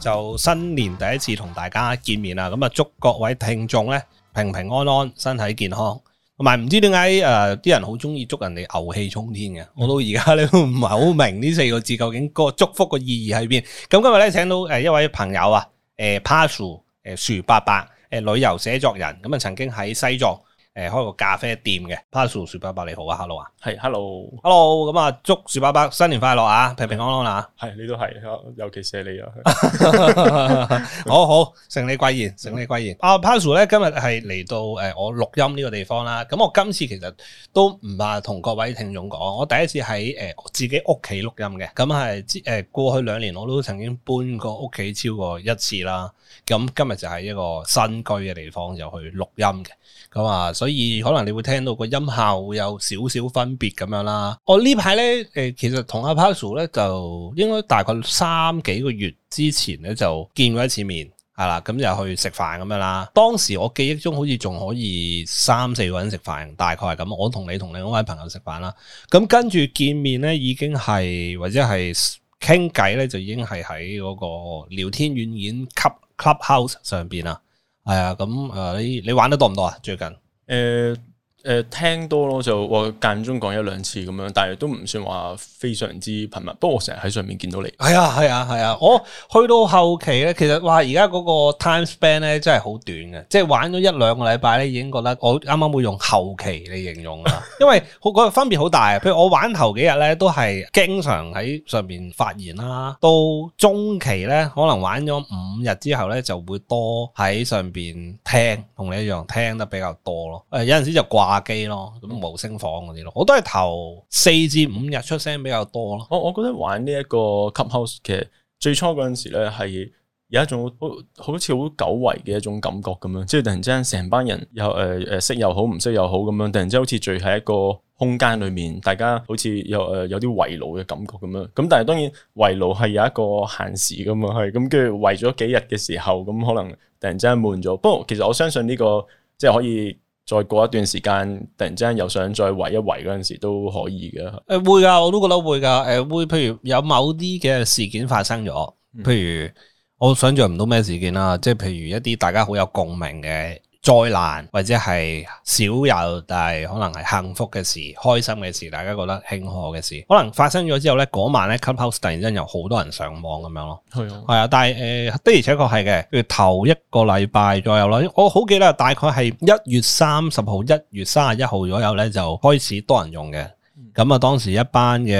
就新年第一次同大家見面啦，咁啊，祝各位聽眾呢平平安安，身體健康。同埋唔知點解誒啲人好中意捉人哋牛氣沖天嘅，我到而家都唔係好明呢四個字究竟個祝福嘅意義喺邊。咁今日咧請到誒一位朋友啊，誒 Pazu 誒薯伯伯誒、呃、旅遊寫作人，咁、呃、啊曾經喺西藏。誒，開個咖啡店嘅，Pazu，薯伯伯你好啊，Hello 啊，係 Hello，Hello，咁啊，祝薯伯伯新年快樂啊，平平安安啊，係，你都係，尤其係你啊， 好好，承你貴言，承你貴言，啊 Pazu 咧今日係嚟到誒我錄音呢個地方啦，咁我今次其實都唔怕同各位聽眾講，我第一次喺誒自己屋企錄音嘅，咁係之誒過去兩年我都曾經搬過屋企超過一次啦。咁今日就喺一個新居嘅地方就去錄音嘅，咁、嗯、啊，所以可能你會聽到個音效會有少少分別咁樣啦。我呢排咧，誒、呃，其實同阿 Pazu 咧就應該大概三幾個月之前咧就見過一次面，係啦，咁、嗯、入去食飯咁樣啦。當時我記憶中好似仲可以三四個人食飯，大概係咁。我同你同另外一位朋友食飯啦，咁、嗯、跟住見面咧已經係或者係傾偈咧就已經係喺嗰個聊天軟件吸。Clubhouse 上邊啊，係、哎、啊，咁誒，你你玩得多唔多啊？最近，誒誒、呃呃，聽多咯，就我間中講一兩次咁樣，但係都唔算話，非常之頻密，不過我成日喺上面見到你。係、哎、啊，係啊，係啊！我去到後期咧，其實話而家嗰個 time span 咧，真係好短嘅，即係玩咗一兩個禮拜咧，已經覺得我啱啱會用後期嚟形容啦。 因為好個分別好大，譬如我玩頭幾日咧，都係經常喺上面發言啦。到中期咧，可能玩咗五日之後咧，就會多喺上邊聽，同、嗯、你一樣聽得比較多咯。誒，有陣時就掛機咯，咁無聲房嗰啲咯。我都係頭四至五日出聲俾。比較多咯，我我覺得玩呢一個 Clubhouse 其實最初嗰陣時咧，係有一種好好似好久違嘅一種感覺咁樣，即係突然之間成班人又誒誒識又好唔識又好咁樣，突然之間好似聚喺一個空間裏面，大家好似又誒有啲圍爐嘅感覺咁樣。咁但係當然圍爐係有一個限時噶嘛，係咁跟住圍咗幾日嘅時候，咁可能突然之間悶咗。不過其實我相信呢個即係可以。再過一段時間，突然之間又想再圍一圍嗰陣時都可以嘅。誒會㗎，我都覺得會㗎。誒會，譬如有某啲嘅事件發生咗，譬如我想像唔到咩事件啦，即係、嗯、譬如一啲大家好有共鳴嘅。災難或者係少有，但係可能係幸福嘅事、開心嘅事，大家覺得慶賀嘅事，可能發生咗之後呢，嗰、那個、晚呢 Clubhouse 突然間有好多人上網咁樣咯，係啊的，但係誒、呃、的而且確係嘅，頭一個禮拜左右啦，我好記得大概係一月三十號、一月三十一號左右呢，就開始多人用嘅，咁啊當時一班嘅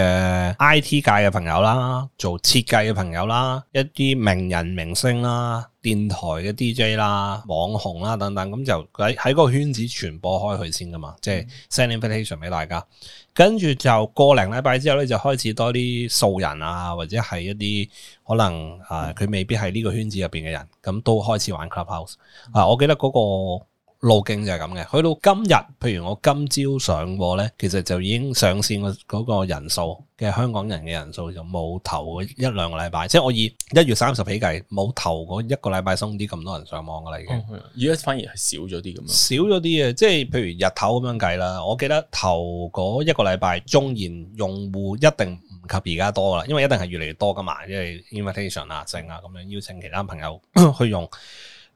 I T 界嘅朋友啦，做設計嘅朋友啦，一啲名人明星啦。電台嘅 DJ 啦、網紅啦等等，咁就喺喺個圈子傳播開去先噶嘛，嗯、即係 send invitation 俾大家。跟住就個零禮拜之後咧，就開始多啲素人啊，或者係一啲可能啊，佢、嗯、未必係呢個圈子入邊嘅人，咁都開始玩 clubhouse。嗯、啊，我記得嗰、嗰個。路徑就係咁嘅，去到今日，譬如我今朝上課呢，其實就已經上線嘅嗰個人數嘅香港人嘅人數就冇頭一兩個禮拜，即係我以一月三十起計，冇頭過一個禮拜，鬆啲咁多人上網噶啦，已經、哦，而家反而係少咗啲咁樣，少咗啲嘅，即係譬如日頭咁樣計啦，我記得頭嗰一個禮拜，中然用戶一定唔及而家多噶啦，因為一定係越嚟越多噶嘛，因為 invitation 啊，剩啊咁樣邀請其他朋友 去用。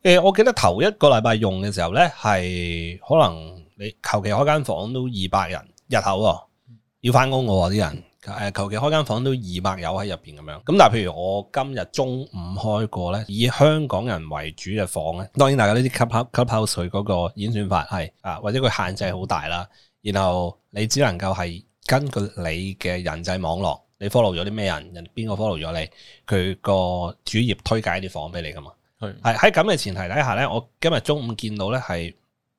誒、欸，我記得頭一個禮拜用嘅時候咧，係可能你求其開間房都二百人日頭、哦，要翻工嘅啲人，誒、呃，求其開間房都二百有喺入邊咁樣。咁但係譬如我今日中午開個咧，以香港人為主嘅房咧，當然大家都知 Clubhouse、Clubhouse 佢嗰個演算法係啊，或者佢限制好大啦。然後你只能夠係根據你嘅人際網絡，你 follow 咗啲咩人，人邊個 follow 咗你，佢個主頁推介啲房俾你噶嘛。係喺喺咁嘅前提底下咧，我今日中午見到咧，係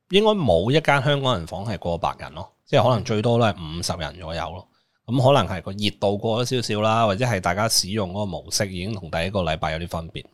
應該冇一間香港人房係過百人咯，即係可能最多都係五十人左右咯。咁可能係個熱度過咗少少啦，或者係大家使用嗰個模式已經同第一個禮拜有啲分別。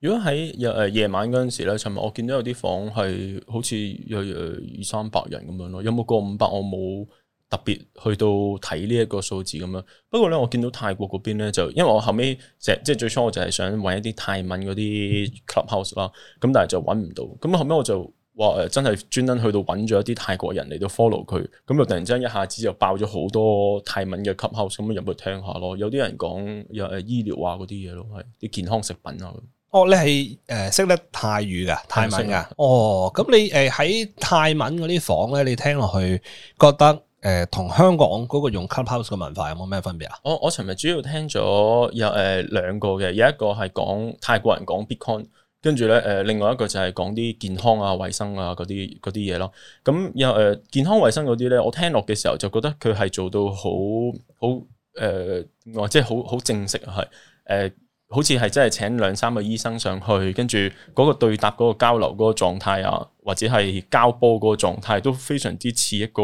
如果喺夜、呃、夜晚嗰陣時咧，尋日我見到有啲房係好似有二三百人咁樣咯，有冇過五百我？我冇。特別去到睇呢一個數字咁樣，不過咧，我見到泰國嗰邊咧，就因為我後尾，成即係最初，我就係想揾一啲泰文嗰啲 Clubhouse 啦，咁但係就揾唔到，咁後尾我就話誒真係專登去到揾咗一啲泰國人嚟到 follow 佢，咁就突然間一下子就爆咗好多泰文嘅 Clubhouse，咁入去聽下咯，有啲人講有誒醫療啊嗰啲嘢咯，係啲健康食品啊。哦，你係誒、呃、識得泰語㗎泰文㗎，哦，咁你誒喺、呃、泰文嗰啲房咧，你聽落去覺得？誒同、呃、香港嗰個用 Clubhouse 嘅文化有冇咩分別啊？我我尋日主要聽咗有誒、呃、兩個嘅，有一個係講泰國人講 Bitcoin，跟住咧誒，另外一個就係講啲健康啊、衞生啊嗰啲啲嘢咯。咁有誒、呃、健康衞生嗰啲咧，我聽落嘅時候就覺得佢係做到好好誒，或者係好好正式係誒。好似係真係請兩三個醫生上去，跟住嗰個對答、嗰個交流、嗰個狀態啊，或者係交波嗰個狀態都非常之似一個，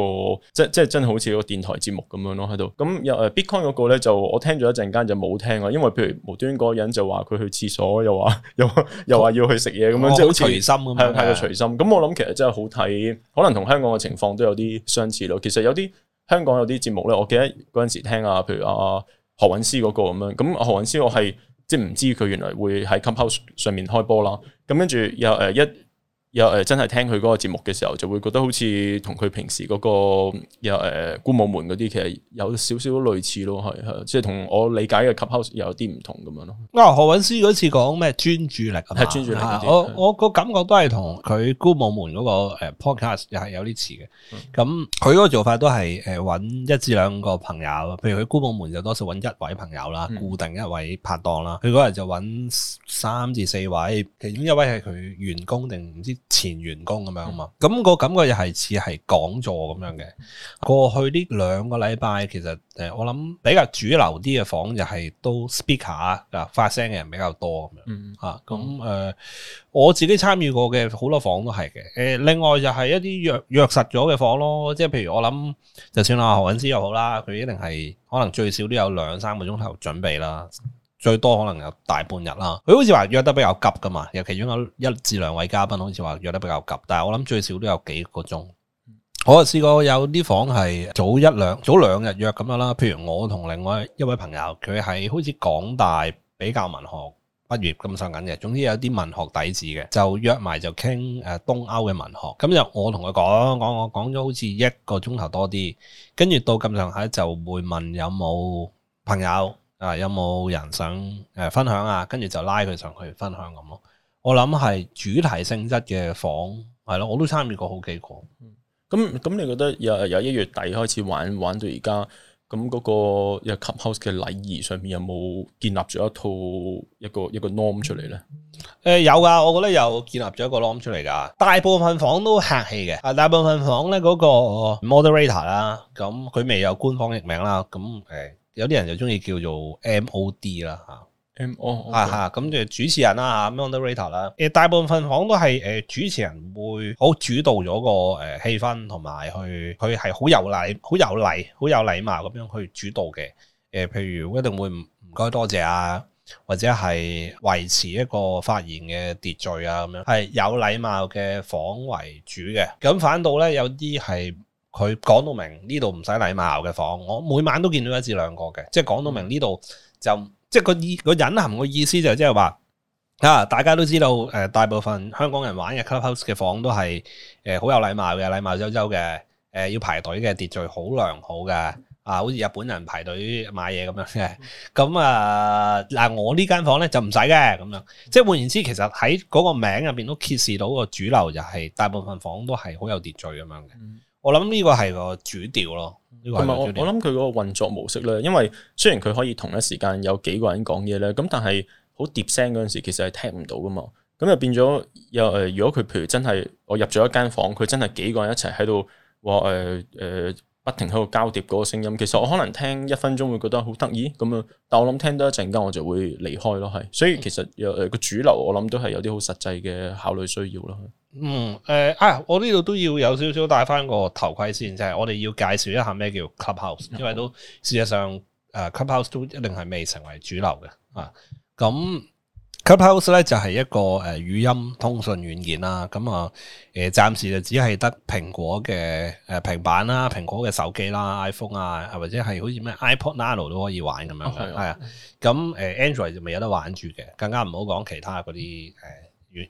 即即真係好似個電台節目咁樣咯喺度。咁又誒，Bitcoin 嗰個咧就我聽咗一陣間就冇聽啊，因為譬如無端嗰個人就話佢去廁所，又話又又話要去食嘢咁樣，即係好似隨心，係係個隨心。咁我諗其實真係好睇，可能同香港嘅情況都有啲相似咯。其實有啲香港有啲節目咧，我記得嗰陣時聽啊，譬如啊何韻詩嗰個咁樣。咁何韻詩、嗰個、我係。即係唔知佢原來會喺 Clubhouse 上面開波啦，咁跟住又誒、呃、一。又誒，真係聽佢嗰個節目嘅時候，就會覺得好似同佢平時嗰個又誒，鼓舞門嗰啲，其實有少少類似咯，係即係同我理解嘅 Clubhouse 有啲唔同咁樣咯。啊、哦，何韻詩嗰次講咩專注力啊，專注力我我個感覺都係同佢官舞門嗰個誒 podcast 又係有啲似嘅。咁佢嗰個做法都係誒，搵一至兩個朋友，譬如佢官舞門就多數搵一位朋友啦，固定一位拍檔啦。佢嗰日就搵三至四位，其中一位係佢員工定唔知？前員工咁樣嘛，咁、嗯、個感覺又係似係講座咁樣嘅。過去呢兩個禮拜，其實誒，我諗比較主流啲嘅房就係都 speaker 啊、呃、發聲嘅人比較多咁樣、嗯、啊。咁誒、呃，我自己參與過嘅好多房都係嘅。誒、呃，另外就係一啲約約實咗嘅房咯，即係譬如我諗，就算啦何韻詩又好啦，佢一定係可能最少都有兩三個鐘頭準備啦。最多可能有大半日啦，佢好似話約得比較急噶嘛，尤其有一至兩位嘉賓，好似話約得比較急，但係我諗最少都有幾個鐘。嗯、我就試過有啲房係早一兩早兩日約咁樣啦，譬如我同另外一位朋友，佢係好似港大比較文學畢業咁上緊嘅，總之有啲文學底子嘅，就約埋就傾誒東歐嘅文學。咁就我同佢講講，我講咗好似一個鐘頭多啲，跟住到咁上下就會問有冇朋友。啊！有冇人想誒分享啊？跟住就拉佢上去分享咁咯。我諗係主題性質嘅房係咯，我都參與過好幾個。咁咁、嗯，你覺得由由一月底開始玩玩到而家，咁嗰個 Clubhouse 嘅禮儀上面有冇建立咗一套一個一個 norm 出嚟咧？誒、嗯呃、有噶，我覺得有建立咗一個 norm 出嚟噶。大部分房都客氣嘅啊，大部分房咧，嗰個 moderator 啦，咁佢未有官方譯名啦，咁誒。有啲人就中意叫做 M.O.D. 啦嚇，M.O. 啊嚇，咁就主持人啦嚇，moderator 啦。誒、呃，大部分房都係誒、呃、主持人會好主導咗個誒、呃、氣氛，同埋去佢係好有禮、好有禮、好有、有禮貌咁樣去主導嘅。誒、呃，譬如一定會唔唔該多謝啊，或者係維持一個發言嘅秩序啊咁樣，係有禮貌嘅房為主嘅。咁反倒咧，有啲係。佢講到明呢度唔使禮貌嘅房，我每晚都見到一至兩個嘅、就是，即係講到明呢度就即係個意個隱含嘅意思就即係話啊！大家都知道誒、呃，大部分香港人玩嘅 clubhouse 嘅房都係誒好有禮貌嘅，禮貌周周嘅誒，要排隊嘅秩序好良好嘅啊，好似日本人排隊買嘢咁樣嘅。咁啊嗱、啊，我呢間房咧就唔使嘅咁樣，即係換言之，其實喺嗰個名入邊都揭示到個主流就係大部分房都係好有秩序咁樣嘅。嗯我諗呢個係個主調咯，呢個係咪？我諗佢嗰個運作模式咧，因為雖然佢可以同一時間有幾個人講嘢咧，咁但係好疊聲嗰陣時，其實係聽唔到噶嘛，咁就變咗又誒，如果佢譬如真係我入咗一間房，佢真係幾個人一齊喺度話誒誒。呃呃不停喺度交疊嗰個聲音，其實我可能聽一分鐘會覺得好得意咁樣，但我諗聽多一陣間我就會離開咯，係，所以其實誒個、呃、主流我諗都係有啲好實際嘅考慮需要咯。嗯，誒、呃、啊，我呢度都要有少少戴翻個頭盔先，即、就、係、是、我哋要介紹一下咩叫 clubhouse、嗯、因為都事實上誒、呃、clubhouse 都一定係未成為主流嘅啊，咁。Clubhouse 咧，就係一個誒語音通訊軟件啦，咁啊誒暫時就只係得蘋果嘅誒平板啦、蘋果嘅手機啦、iPhone 啊，或者係好似咩 iPod Nano 都可以玩咁樣，係啊 Okay.，咁誒 Android 就未有得玩住嘅，更加唔好講其他嗰啲誒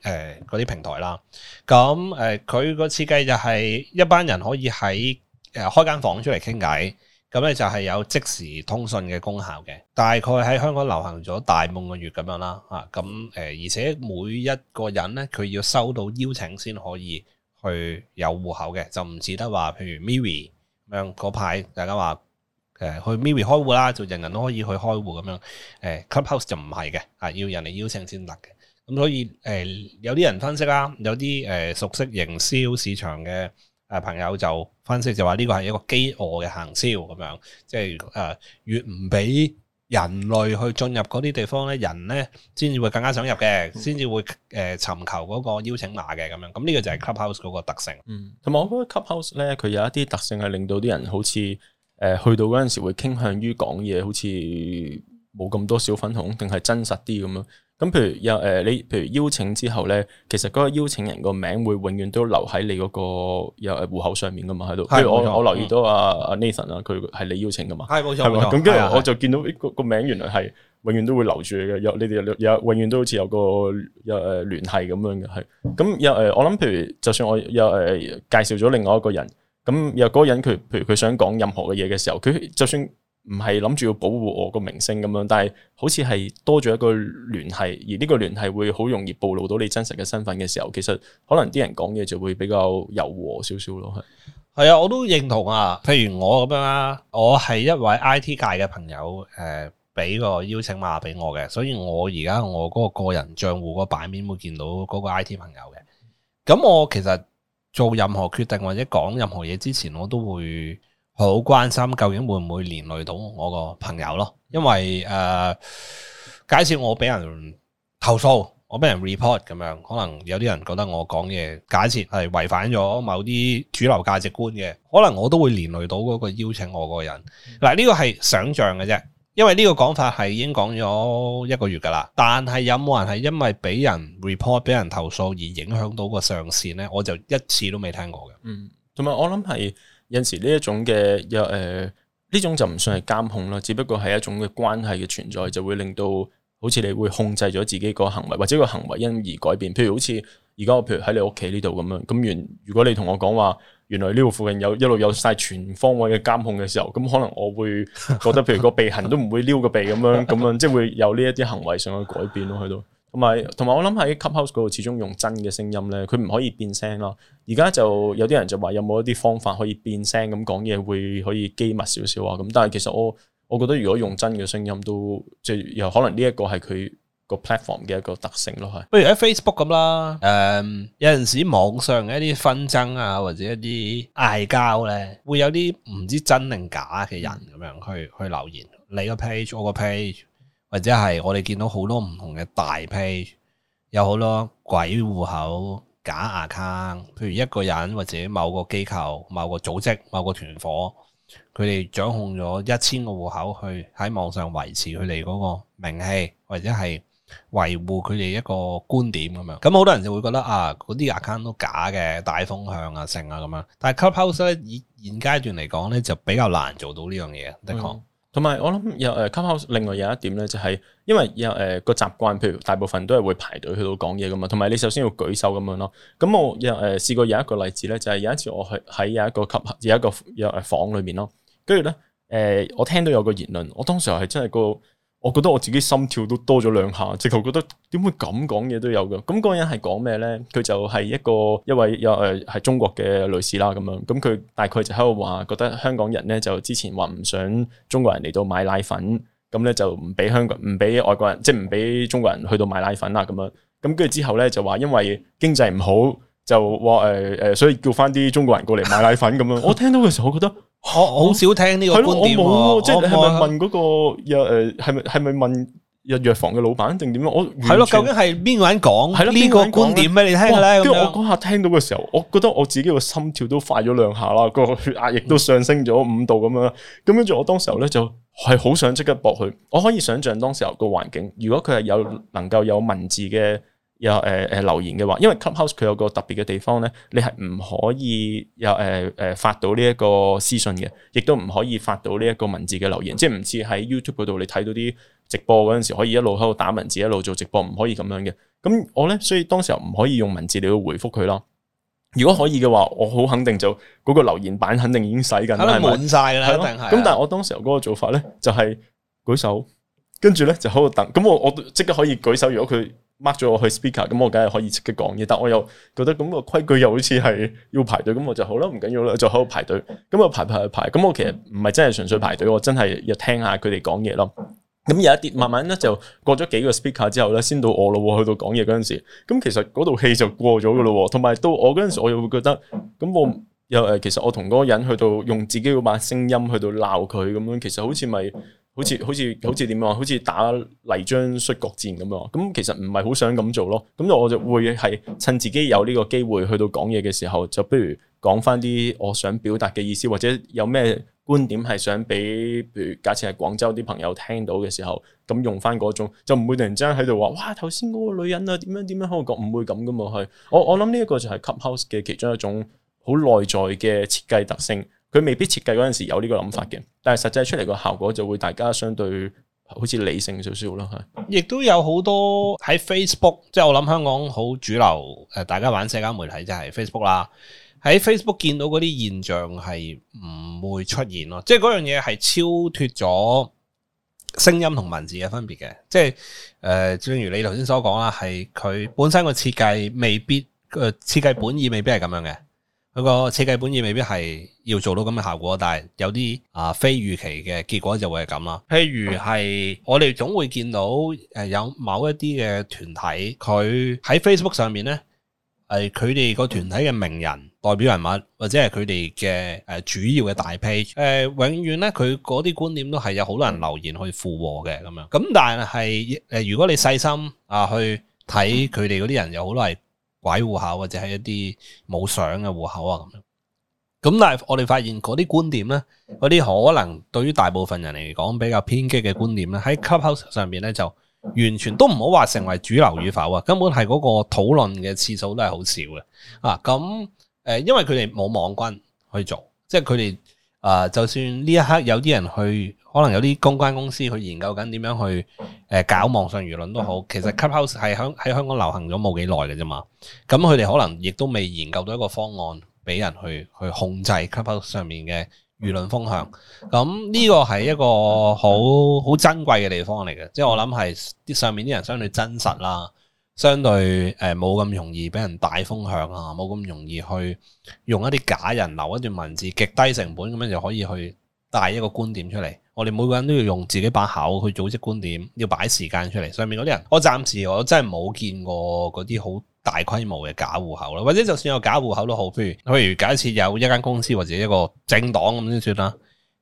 誒啲平台啦。咁誒佢個設計就係一班人可以喺誒開間房出嚟傾偈。咁咧就係有即時通訊嘅功效嘅，大概喺香港流行咗大半個月咁樣啦，啊咁誒、啊，而且每一個人咧，佢要收到邀請先可以去有戶口嘅，就唔似得話，譬如 Miri 咁樣嗰排大家話誒、啊、去 Miri 開戶啦，就人人都可以去開戶咁樣，誒、啊、Clubhouse 就唔係嘅，啊要人哋邀請先得嘅，咁所以誒、啊、有啲人分析啦，有啲誒、啊、熟悉營銷市場嘅。誒朋友就分析就話呢個係一個饑餓嘅行銷咁樣，即係誒越唔俾人類去進入嗰啲地方咧，人咧先至會更加想入嘅，先至會誒、呃、尋求嗰個邀請碼嘅咁樣。咁呢個就係 Clubhouse 嗰個特性。嗯，同埋我覺得 Clubhouse 咧，佢有一啲特性係令到啲人好似誒、呃、去到嗰陣時會傾向於講嘢，好似冇咁多小粉紅，定係真實啲咁樣。咁譬如有誒、呃，你譬如邀請之後咧，其實嗰個邀請人個名會永遠都留喺你嗰個又誒戶口上面噶嘛喺度。的譬如我錯我留意到阿阿 Nathan 啊，佢係、嗯、你邀請噶嘛。係冇錯，咁跟住我就見到呢個個名原來係永遠都會留住嘅。有你哋有，有永遠都好似有個又誒聯繫咁樣嘅係。咁又誒，我諗譬如就算我又誒、呃、介紹咗另外一個人，咁又嗰個人佢譬如佢想講任何嘅嘢嘅時候，佢就算。唔係諗住要保護我個名聲，咁樣，但係好似係多咗一個聯繫，而呢個聯繫會好容易暴露到你真實嘅身份嘅時候，其實可能啲人講嘢就會比較柔和少少咯。係係啊，我都認同啊。譬如我咁樣啦，我係一位 IT 界嘅朋友，誒、呃，俾個邀請碼俾我嘅，所以我而家我嗰個個人賬戶嗰個版面會見到嗰個 IT 朋友嘅。咁我其實做任何決定或者講任何嘢之前，我都會。好關心究竟會唔會連累到我個朋友咯？因為誒，假設我俾人投訴，我俾人 report 咁樣，可能有啲人覺得我講嘢，假設係違反咗某啲主流價值觀嘅，可能我都會連累到嗰個邀請我個人。嗱、嗯，呢個係想象嘅啫，因為呢個講法係已經講咗一個月噶啦。但係有冇人係因為俾人 report、俾人投訴而影響到個上線咧？我就一次都未聽過嘅。嗯，同埋我諗係。有陣時呢一種嘅有誒呢種就唔算係監控啦，只不過係一種嘅關係嘅存在，就會令到好似你會控制咗自己個行為，或者個行為因而改變。譬如好似而家，我譬如喺你屋企呢度咁樣，咁如如果你同我講話，原來呢度附近有一路有晒全方位嘅監控嘅時候，咁可能我會覺得譬如鼻個鼻痕都唔會撩個鼻咁樣，咁樣 即係會有呢一啲行為上去改變咯喺度。同埋，同埋我諗喺 Clubhouse 嗰度，始終用真嘅聲音咧，佢唔可以變聲咯。而家就有啲人就話，有冇一啲方法可以變聲咁講嘢，會可以機密少少啊？咁但係其實我，我覺得如果用真嘅聲音都，都即係又可能呢一個係佢個 platform 嘅一個特性咯。係不如喺 Facebook 咁啦，誒、嗯，有陣時網上嘅一啲紛爭啊，或者一啲嗌交，咧，會有啲唔知真定假嘅人咁樣去去留言，你個 page，我個 page。或者係我哋見到好多唔同嘅大批，有好多鬼戶口、假 account，譬如一個人或者某個機構、某個組織、某個團伙，佢哋掌控咗一千個戶口去喺網上維持佢哋嗰個名氣，或者係維護佢哋一個觀點咁樣。咁好多人就會覺得啊，嗰啲 account 都假嘅，大風向啊、盛啊咁樣。但係 Clubhouse 咧，以現階段嚟講咧，就比較難做到呢樣嘢，的確、嗯。同埋我諗有誒，Clubhouse 另外有一點咧，就係因為有誒、呃那個習慣，譬如大部分都係會排隊去到講嘢㗎嘛，同埋你首先要舉手咁樣咯。咁我有誒、呃、試過有一個例子咧，就係有一次我去喺有一個 Clubhouse 有一個有誒房裏面咯，跟住咧誒，我聽到有個言論，我當時係真係、那個。我覺得我自己心跳都多咗兩下，直頭覺得點會咁講嘢都有嘅？咁、嗯、嗰、那個人係講咩咧？佢就係一個一位又誒係中國嘅女士啦，咁樣咁佢大概就喺度話，覺得香港人咧就之前話唔想中國人嚟到買奶粉，咁咧就唔俾香港唔俾外國人，即係唔俾中國人去到買奶粉啦，咁樣咁跟住之後咧就話因為經濟唔好，就話誒誒，所以叫翻啲中國人過嚟買奶粉咁樣。 我聽到嘅時候，我覺得。好少聽呢個觀點，我我即係係咪問嗰、那個藥誒係咪係咪問入藥房嘅老闆定點樣？我係咯，究竟係邊個人講？係咯，邊個觀點俾你聽咧。跟住我嗰下聽到嘅時候，我覺得我自己個心跳都快咗兩下啦，個血壓亦都上升咗五度咁樣。咁跟住我當時候咧就係好想即刻駁佢。我可以想象當時候個環境，如果佢係有能夠有文字嘅。有誒誒、呃呃、留言嘅話，因為 Clubhouse 佢有個特別嘅地方咧，你係唔可以有誒誒、呃呃、發到呢一個私信嘅，亦都唔可以發到呢一個文字嘅留言，嗯、即係唔似喺 YouTube 嗰度你睇到啲直播嗰陣時可以一路喺度打文字一路做直播，唔可以咁樣嘅。咁我咧，所以當時候唔可以用文字嚟回覆佢咯。如果可以嘅話，我好肯定就嗰個留言板肯定已經洗緊，可能、嗯、滿曬啦。咁、啊、但係我當時候嗰個做法咧，就係舉手，跟住咧就喺度等。咁我我即刻可以舉手，如果佢。擘咗我去 speaker，咁我梗係可以即刻講嘢。但我又覺得咁個規矩又好似係要排隊，咁我就好啦，唔緊要啦，就喺度排隊。咁啊排，排排排，咁我其實唔係真係純粹排隊，我真係要聽下佢哋講嘢咯。咁有一啲慢慢咧就，就過咗幾個 speaker 之後咧，先到我咯，去到講嘢嗰陣時，咁其實嗰套戲就過咗噶咯。同埋到我嗰陣時，我又會覺得，咁我又誒，其實我同嗰個人去到用自己嗰把聲音去到鬧佢咁樣，其實好似咪。好似好似好似點樣啊？好似打泥漿摔角戰咁啊！咁其實唔係好想咁做咯。咁我就會係趁自己有呢個機會去到講嘢嘅時候，就不如講翻啲我想表達嘅意思，或者有咩觀點係想俾，譬如假設係廣州啲朋友聽到嘅時候，咁用翻嗰種，就唔會突然間喺度話：哇，頭先嗰個女人啊，點樣點樣我覺唔會咁噶嘛？係，我我諗呢一個就係 Clubhouse 嘅其中一種好內在嘅設計特性。佢未必設計嗰陣時有呢個諗法嘅，但係實際出嚟，個效果就會大家相對好似理性少少咯，係。亦都有好多喺 Facebook，即係我諗香港好主流誒、呃，大家玩社交媒體就係 Facebook 啦。喺 Facebook 見到嗰啲現象係唔會出現咯，即係嗰樣嘢係超脫咗聲音同文字嘅分別嘅，即係誒、呃，正如你頭先所講啦，係佢本身個設計未必誒、呃，設計本意未必係咁樣嘅。嗰個設計本意未必係要做到咁嘅效果，但係有啲啊、呃、非預期嘅結果就會係咁啦。譬如係我哋總會見到誒、呃、有某一啲嘅團體，佢喺 Facebook 上面咧，係佢哋個團體嘅名人代表人物或者係佢哋嘅誒主要嘅大批誒、呃，永遠咧佢嗰啲觀點都係有好多人留言去附和嘅咁樣。咁但係誒、呃，如果你細心啊、呃、去睇佢哋嗰啲人，嗯、有好多係。鬼戶口或者係一啲冇相嘅戶口啊咁樣，咁但係我哋發現嗰啲觀點咧，嗰啲可能對於大部分人嚟講比較偏激嘅觀點咧，喺 Clubhouse 上面咧就完全都唔好話成為主流與否啊，根本係嗰個討論嘅次數都係好少嘅啊。咁誒，因為佢哋冇網軍去做，即係佢哋誒，就算呢一刻有啲人去。可能有啲公關公司去研究緊點樣去誒搞網上輿論都好，其實 Clubhouse 係響喺香港流行咗冇幾耐嘅啫嘛。咁佢哋可能亦都未研究到一個方案俾人去去控制 Clubhouse 上面嘅輿論風向。咁呢個係一個好好珍貴嘅地方嚟嘅，即係我諗係啲上面啲人相對真實啦，相對誒冇咁容易俾人帶風向啊，冇咁容易去用一啲假人留一段文字，極低成本咁樣就可以去帶一個觀點出嚟。我哋每個人都要用自己把口去組織觀點，要擺時間出嚟。上面嗰啲人，我暫時我真係冇見過嗰啲好大規模嘅假戶口啦，或者就算有假戶口都好，譬如譬如假設有一間公司或者一個政黨咁先算啦。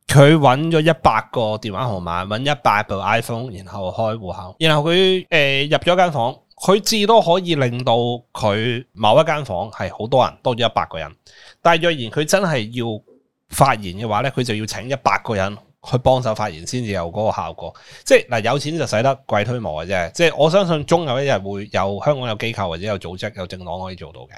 佢揾咗一百個電話號碼，揾一百部 iPhone，然後開戶口，然後佢誒、呃、入咗間房，佢至多可以令到佢某一間房係好多人多咗一百個人。但係若然佢真係要發言嘅話呢，佢就要請一百個人。去幫手發言先至有嗰個效果，即係嗱，有錢就使得鬼推磨嘅啫，即係我相信終有一日會有香港有機構或者有組織有政黨可以做到嘅，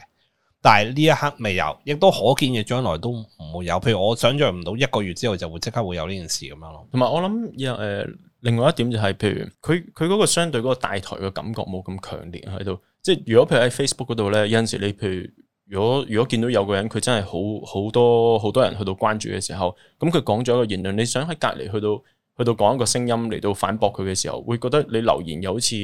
但係呢一刻未有，亦都可見嘅將來都唔會有。譬如我想象唔到一個月之後就會即刻會有呢件事咁樣咯。同埋我諗誒、呃，另外一點就係、是，譬如佢佢嗰個相對嗰個大台嘅感覺冇咁強烈喺度，即係如果譬如喺 Facebook 嗰度咧，有陣時你譬如。如果如果見到有個人佢真係好好多好多人去到關注嘅時候，咁佢講咗一個言論，你想喺隔籬去到去到講一個聲音嚟到反駁佢嘅時候，會覺得你留言又好似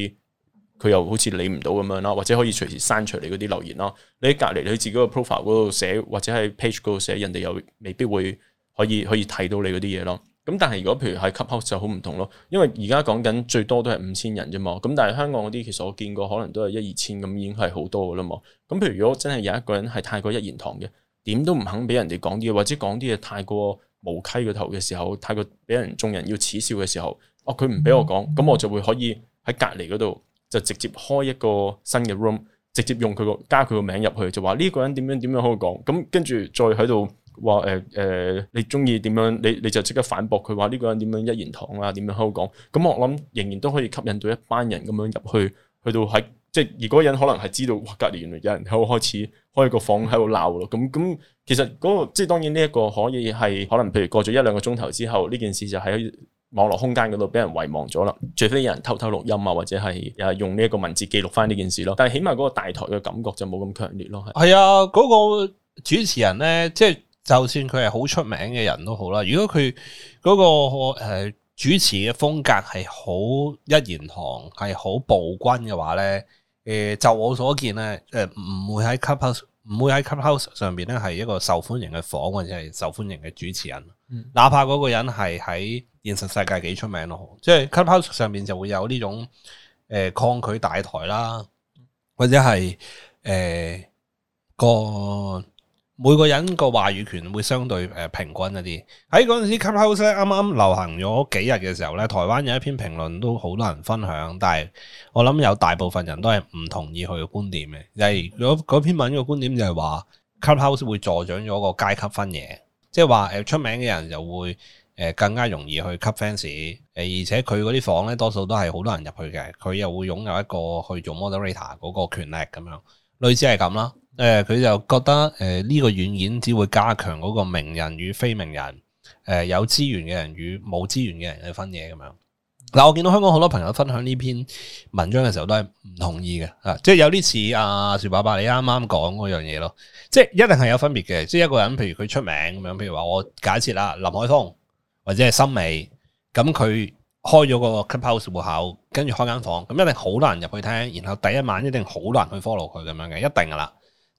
佢又好似理唔到咁樣囉，或者可以隨時刪除你嗰啲留言囉。你喺隔籬你自己個 profile 嗰度寫，或者係 page 嗰度寫，人哋又未必會可以可以睇到你嗰啲嘢咯。咁但係如果譬如係 Clubhouse 就好唔同咯，因為而家講緊最多都係五千人啫嘛，咁但係香港嗰啲其實我見過可能都係一二千咁已經係好多嘅啦嘛。咁譬如如果真係有一個人係太過一言堂嘅，點都唔肯俾人哋講啲嘢，或者講啲嘢太過無稽嘅頭嘅時候，太過俾人眾人要恥笑嘅時候，哦，佢唔俾我講，咁我就會可以喺隔離嗰度就直接開一個新嘅 room，直接用佢個加佢個名入去就話呢個人點樣點樣可以講，咁跟住再喺度。話誒誒，你中意點樣？你你就即刻反駁佢話呢個人點樣一言堂啊？點樣喺度講？咁、嗯、我諗仍然都可以吸引到一班人咁樣入去，去到喺即係，如果人可能係知道，隔離原來有人喺度開始開個房喺度鬧咯。咁、嗯、咁、嗯嗯，其實嗰個即係當然呢一個可以係可能，譬如過咗一兩個鐘頭之後，呢件事就喺網絡空間嗰度俾人遺忘咗啦。除非有人偷偷錄音啊，或者係啊用呢一個文字記錄翻呢件事咯。但係起碼嗰個大台嘅感覺就冇咁強烈咯。係係啊，嗰個主持人咧，即係。就算佢係好出名嘅人都好啦，如果佢嗰個誒主持嘅風格係好一言堂，係好暴君嘅話咧，誒、呃、就我所見咧，誒、呃、唔會喺 Clubhouse 唔會喺 Clubhouse 上邊咧係一個受歡迎嘅房，或者係受歡迎嘅主持人，嗯、哪怕嗰個人係喺現實世界幾出名咯，即係 Clubhouse 上邊就會有呢種誒、呃、抗拒大台啦，或者係誒、呃、個。每個人個話語權會相對誒平均一啲。喺嗰陣時，Clubhouse 啱啱流行咗幾日嘅時候咧，台灣有一篇評論都好多人分享，但係我諗有大部分人都係唔同意佢嘅觀點嘅。就係嗰、嗰篇文嘅觀點就係話，Clubhouse 會助長咗個階級分嘢，即係話誒出名嘅人就會誒更加容易去吸 fans，誒而且佢嗰啲房咧多數都係好多人入去嘅，佢又會擁有一個去做 moderator 嗰個權力咁樣，類似係咁啦。誒，佢、呃、就覺得誒呢、呃這個軟件只會加強嗰個名人與非名人，誒、呃、有資源嘅人與冇資源嘅人嘅分野。咁樣。嗱，我見到香港好多朋友分享呢篇文章嘅時候，都係唔同意嘅，啊，即係有啲似阿薯伯伯你啱啱講嗰樣嘢咯，即係一定係有分別嘅。即係一個人，譬如佢出名咁樣，譬如話我假設啦，林海峰或者係森美，咁佢開咗個 Clubhouse 戶口，跟住開間房，咁一定好難入去聽，然後第一晚一定好難去 follow 佢咁樣嘅，一定噶啦。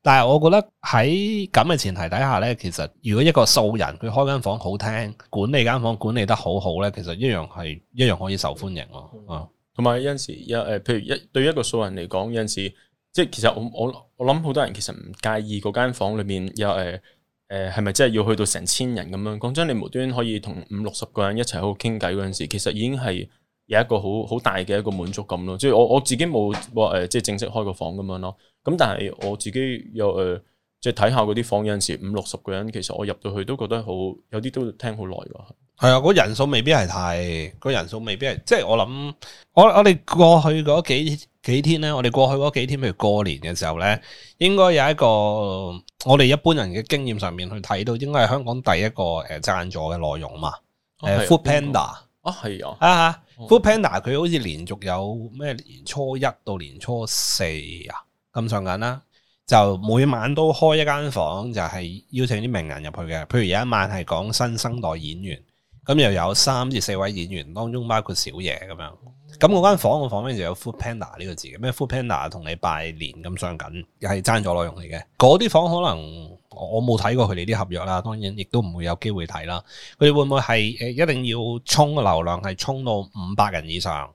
但係，我覺得喺咁嘅前提底下咧，其實如果一個素人佢開間房好聽，管理間房管理得好好咧，其實一樣係一樣可以受歡迎咯。啊、嗯，同埋有陣時，有誒，譬如一對一個素人嚟講，有陣時即係其實我我我諗好多人其實唔介意嗰間房裏面有誒誒係咪真係要去到成千人咁樣講真，講講你無端可以同五六十個人一齊好好傾偈嗰陣時，其實已經係有一個好好大嘅一個滿足感咯。即係我我自己冇話、呃、即係正式開個房咁樣咯。咁但係我自己又誒、呃，即係睇下嗰啲房有陣時五六十個人，其實我入到去都覺得好，有啲都聽好耐㗎。係啊，個人數未必係太，個人數未必係，即係我諗，我我哋過去嗰幾幾天咧，我哋過去嗰幾天譬如過年嘅時候咧，應該有一個我哋一般人嘅經驗上面去睇到，應該係香港第一個誒贊助嘅內容嘛。誒，Food Panda 啊，係啊，Food Panda 佢好似連續有咩年初一到年初四啊？咁上緊啦，就每晚都開一間房間，就係、是、邀請啲名人入去嘅。譬如有一晚係講新生代演員，咁又有三至四位演員，當中包括小野咁樣。咁嗰間房嘅房名就有 foodpanda 呢個字嘅，咩 foodpanda 同你拜年咁上緊，又係贊助內容嚟嘅。嗰啲房可能我冇睇過佢哋啲合約啦，當然亦都唔會有機會睇啦。佢哋會唔會係誒一定要沖流量，係沖到五百人以上？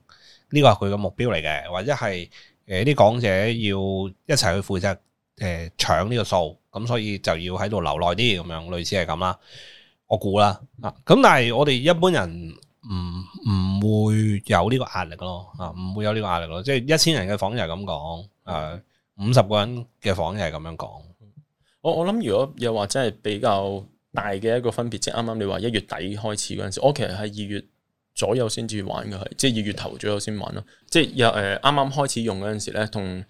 呢個係佢嘅目標嚟嘅，或者係。誒，啲、呃、講者要一齊去負責，誒、呃、搶呢個數，咁、呃、所以就要喺度留耐啲，咁樣類似係咁啦。我估啦，啊，咁但係我哋一般人唔唔會有呢個壓力咯，啊，唔會有呢個壓力咯，即係一千人嘅房又係咁講，啊，五十個人嘅房又係咁樣講。我我諗，如果又或者係比較大嘅一個分別，即係啱啱你話一月底開始嗰陣時，我其實係二月。左右先至玩嘅係，即係二月頭左右先玩咯。即係有誒，啱、呃、啱開始用嗰陣時咧，同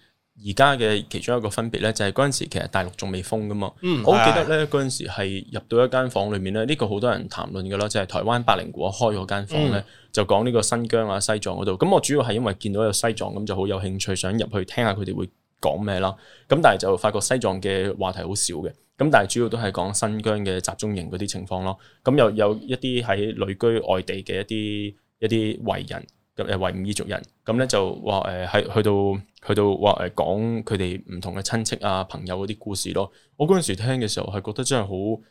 而家嘅其中一個分別咧，就係嗰陣時其實大陸仲未封噶嘛。嗯、我好記得咧，嗰陣時係入到一間房裏面咧，呢、呢個好多人談論嘅咯，就係、是、台灣百靈果開嗰間房咧，嗯、就講呢個新疆啊、西藏嗰度。咁我主要係因為見到有西藏咁，就好有興趣想入去聽下佢哋會講咩啦？咁但係就發覺西藏嘅話題好少嘅，咁但係主要都係講新疆嘅集中營嗰啲情況咯。咁、嗯、又有，有一啲喺旅居外地嘅一啲一啲維人咁誒維吾爾族人，咁、嗯、咧就話誒係去到去到話誒講佢哋唔同嘅親戚啊朋友嗰啲故事咯。我嗰陣時聽嘅時候係覺得真係好，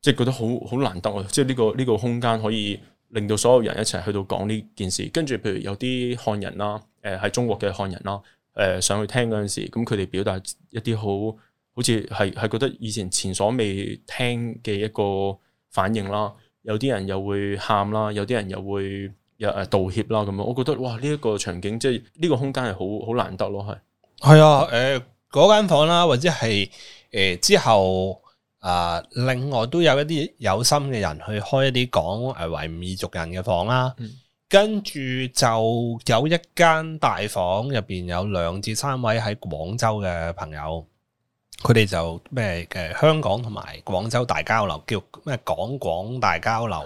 即、就、係、是、覺得好好難得啊！即係呢個呢、這個空間可以令到所有人一齊去到講呢件事。跟住譬如有啲漢人啦，誒、呃、喺中國嘅漢人啦。誒，上去聽嗰陣時，咁佢哋表達一啲好，好似係係覺得以前前所未有聽嘅一個反應啦。有啲人又會喊啦，有啲人又會誒道歉啦。咁啊，我覺得哇，呢、這、一個場景即係呢、這個空間係好好難得咯，係係啊。誒、呃，嗰間房啦，或者係誒、呃、之後啊、呃，另外都有一啲有心嘅人去開一啲講誒維吾爾族人嘅房啦。嗯。跟住就有一間大房，入邊有兩至三位喺廣州嘅朋友，佢哋就咩嘅香港同埋廣州大交流，叫咩港廣大交流，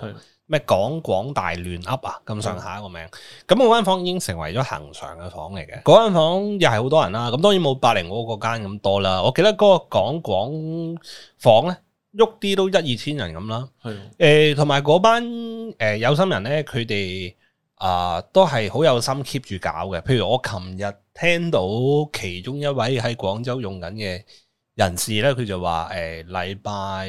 咩港是廣大亂 up 啊，咁上下一個名。咁嗰是間房已經成為咗恆常嘅房嚟嘅，嗰間房又係好多人啦。咁當然冇八零嗰個間咁多啦。我記得嗰個港廣房咧，喐啲都一二千人咁啦。係誒是，同埋嗰班誒有心人咧，佢哋。啊、呃，都係好有心 keep 住搞嘅。譬如我琴日聽到其中一位喺廣州用緊嘅人士咧，佢就話：誒、呃，禮拜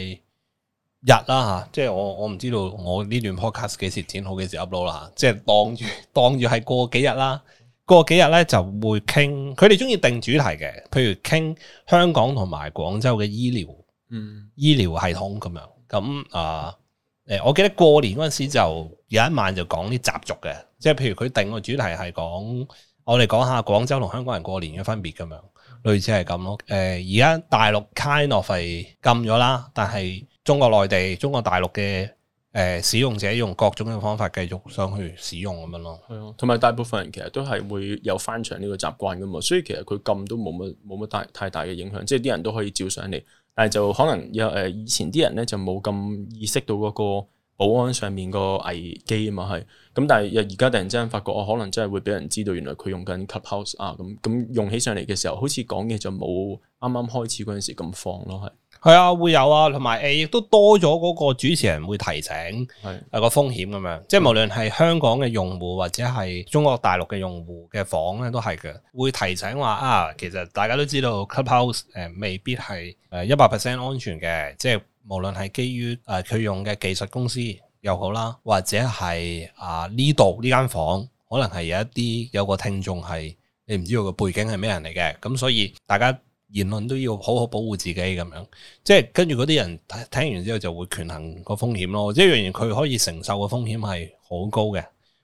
日啦吓、啊，即係我我唔知道我呢段 podcast 幾時剪好，幾時 upload 啦、啊。即係當住當住係過幾日啦，過幾日咧就會傾。佢哋中意定主題嘅，譬如傾香港同埋廣州嘅醫療，嗯，醫療系統咁樣，咁啊。呃誒，我記得過年嗰陣時就有一晚就講啲習俗嘅，即係譬如佢定個主題係講，我哋講下廣州同香港人過年嘅分別咁樣，類似係咁咯。誒、呃，而家大陸 Kindle 係 of 禁咗啦，但係中國內地、中國大陸嘅誒、呃、使用者用各種嘅方法繼續上去使用咁樣咯。係啊，同埋大部分人其實都係會有翻牆呢個習慣噶嘛，所以其實佢禁都冇乜冇乜大太大嘅影響，即係啲人都可以照上嚟。但係就可能有誒、呃，以前啲人咧就冇咁意識到嗰個保安上面個危機啊嘛，係咁，但係又而家突然之間發覺，我可能真係會俾人知道，原來佢用緊 Clubhouse 啊，咁咁用起上嚟嘅時候，好似講嘢就冇啱啱開始嗰陣時咁放咯，係。係啊，會有啊，同埋誒，亦都多咗嗰個主持人會提醒係個風險咁樣，的即係無論係香港嘅用戶或者係中國大陸嘅用戶嘅房咧，都係嘅，會提醒話啊，其實大家都知道 Clubhouse 誒、呃，未必係誒一百 percent 安全嘅，即係無論係基於誒佢用嘅技術公司又好啦，或者係啊呢度呢間房可能係有一啲有個聽眾係你唔知道個背景係咩人嚟嘅，咁所以大家。言論都要好好保護自己咁樣，即係跟住嗰啲人聽完之後就會權衡個風險咯。即係仍然佢可以承受嘅風險係好高嘅，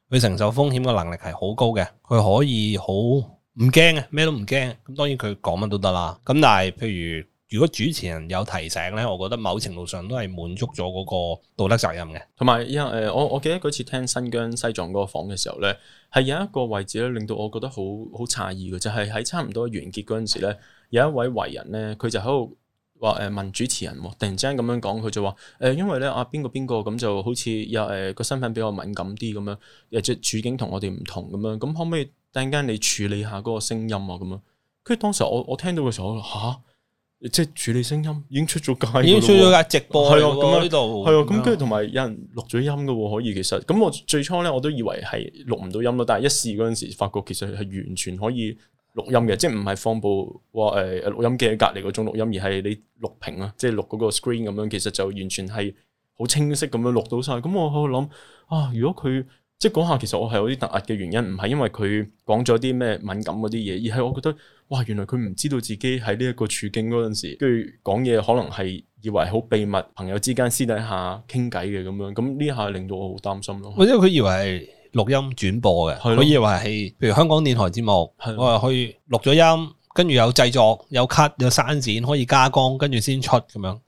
佢承受風險嘅能力係好高嘅，佢可以好唔驚嘅，咩都唔驚。咁當然佢講乜都得啦。咁但係譬如如果主持人有提醒咧，我覺得某程度上都係滿足咗嗰個道德責任嘅。同埋依家誒，我我記得嗰次聽新疆西藏嗰個房嘅時候咧，係有一個位置咧令到我覺得好好詫異嘅，就係、是、喺差唔多完結嗰陣時咧。有一位華人咧，佢就喺度話誒問主持人，突然之間咁樣講，佢就話誒，因為咧啊邊個邊個咁就好似有誒個、呃、身份比較敏感啲咁樣，又即係處境同我哋唔同咁樣，咁可，可以突然間你處理下嗰個聲音啊咁樣，跟住當時我我聽到嘅時候，我吓、啊，即係處理聲音已經出咗街，已經出咗街直播係咯，喺度係啊，咁跟住同埋有人錄咗音噶喎，可以其實咁我最初咧我都以為係錄唔到音咯，但係一試嗰陣時，發覺其實係完全可以。錄音嘅，即係唔係放部話誒錄音機喺隔籬嗰種錄音，而係你錄屏啊，即係錄嗰個 screen 咁樣，其實就完全係好清晰咁樣錄到晒。咁我喺度諗啊，如果佢即係嗰下，其實我係有啲突兀嘅原因，唔係因為佢講咗啲咩敏感嗰啲嘢，而係我覺得哇，原來佢唔知道自己喺呢一個處境嗰陣時，跟住講嘢可能係以為好秘密，朋友之間私底下傾偈嘅咁樣，咁呢下令到我好擔心咯。或者佢以為，錄音轉播嘅，佢的以為係，譬如香港電台節目，我話的可以錄咗音，跟住有製作、有 cut、有刪剪，可以加工，跟住先出咁樣，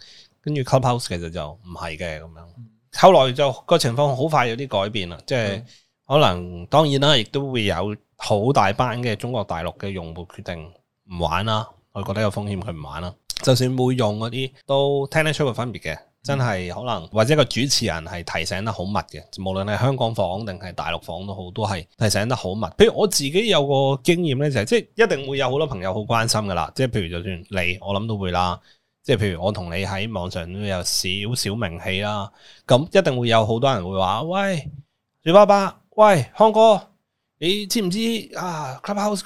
跟住 Clubhouse 其實就唔係嘅咁樣。嗯、後來就個情況好快有啲改變啦，即係、嗯、可能當然啦，亦都會有好大班嘅中國大陸嘅用戶決定唔玩啦，我覺得有風險，佢唔玩啦。嗯、就算會用嗰啲，都聽得出個分別嘅。真係可能或者個主持人係提醒得好密嘅，無論係香港房定係大陸房都好，都係提醒得好密。譬如我自己有個經驗咧，就係、是、即係一定會有好多朋友好關心噶啦。即係譬如就算你，我諗都會啦。即係譬如我同你喺網上都有少少名氣啦，咁一定會有好多人會話喂，薯伯伯，喂，康哥，你知唔知啊 Clubhouse，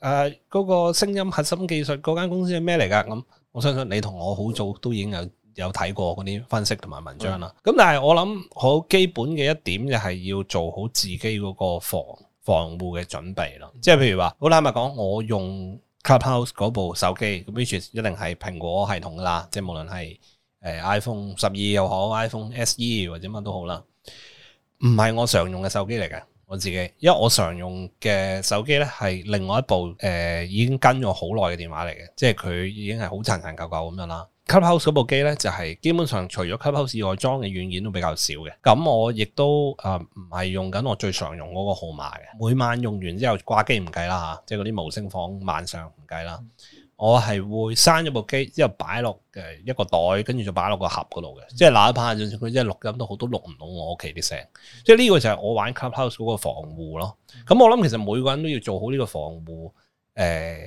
呃，那個，誒個聲音核心技術嗰間公司係咩嚟噶？咁我相信你同我好早都已經有。有睇過嗰啲分析同埋文章啦，咁、嗯、但係我諗好基本嘅一點就係要做好自己嗰個防防護嘅準備咯。嗯、即係譬如話，好坦白講，我用 Clubhouse 嗰部手機，咁 which 一定係蘋果系統啦。即係無論係誒 iPhone 十二又好，iPhone SE 或者乜都好啦，唔係我常用嘅手機嚟嘅，我自己，因為我常用嘅手機咧係另外一部誒、呃、已經跟咗好耐嘅電話嚟嘅，即係佢已經係好殘殘舊舊咁樣啦。Clubhouse 部機咧，就係、是、基本上除咗 Clubhouse 以外，裝嘅軟件都比較少嘅。咁我亦都啊，唔、呃、係用緊我最常用嗰個號碼嘅。每晚用完之後掛機唔計啦吓，即係嗰啲無聲房晚上唔計啦。嗯、我係會閂咗部機之後擺落誒一個袋，跟住就擺落個盒嗰度嘅。即係哪怕 p a 佢即係錄音都好多錄唔到我屋企啲聲。嗯、即係呢個就係我玩 Clubhouse 嗰個防護咯。咁、嗯、我諗其實每個人都要做好呢個防護誒。呃，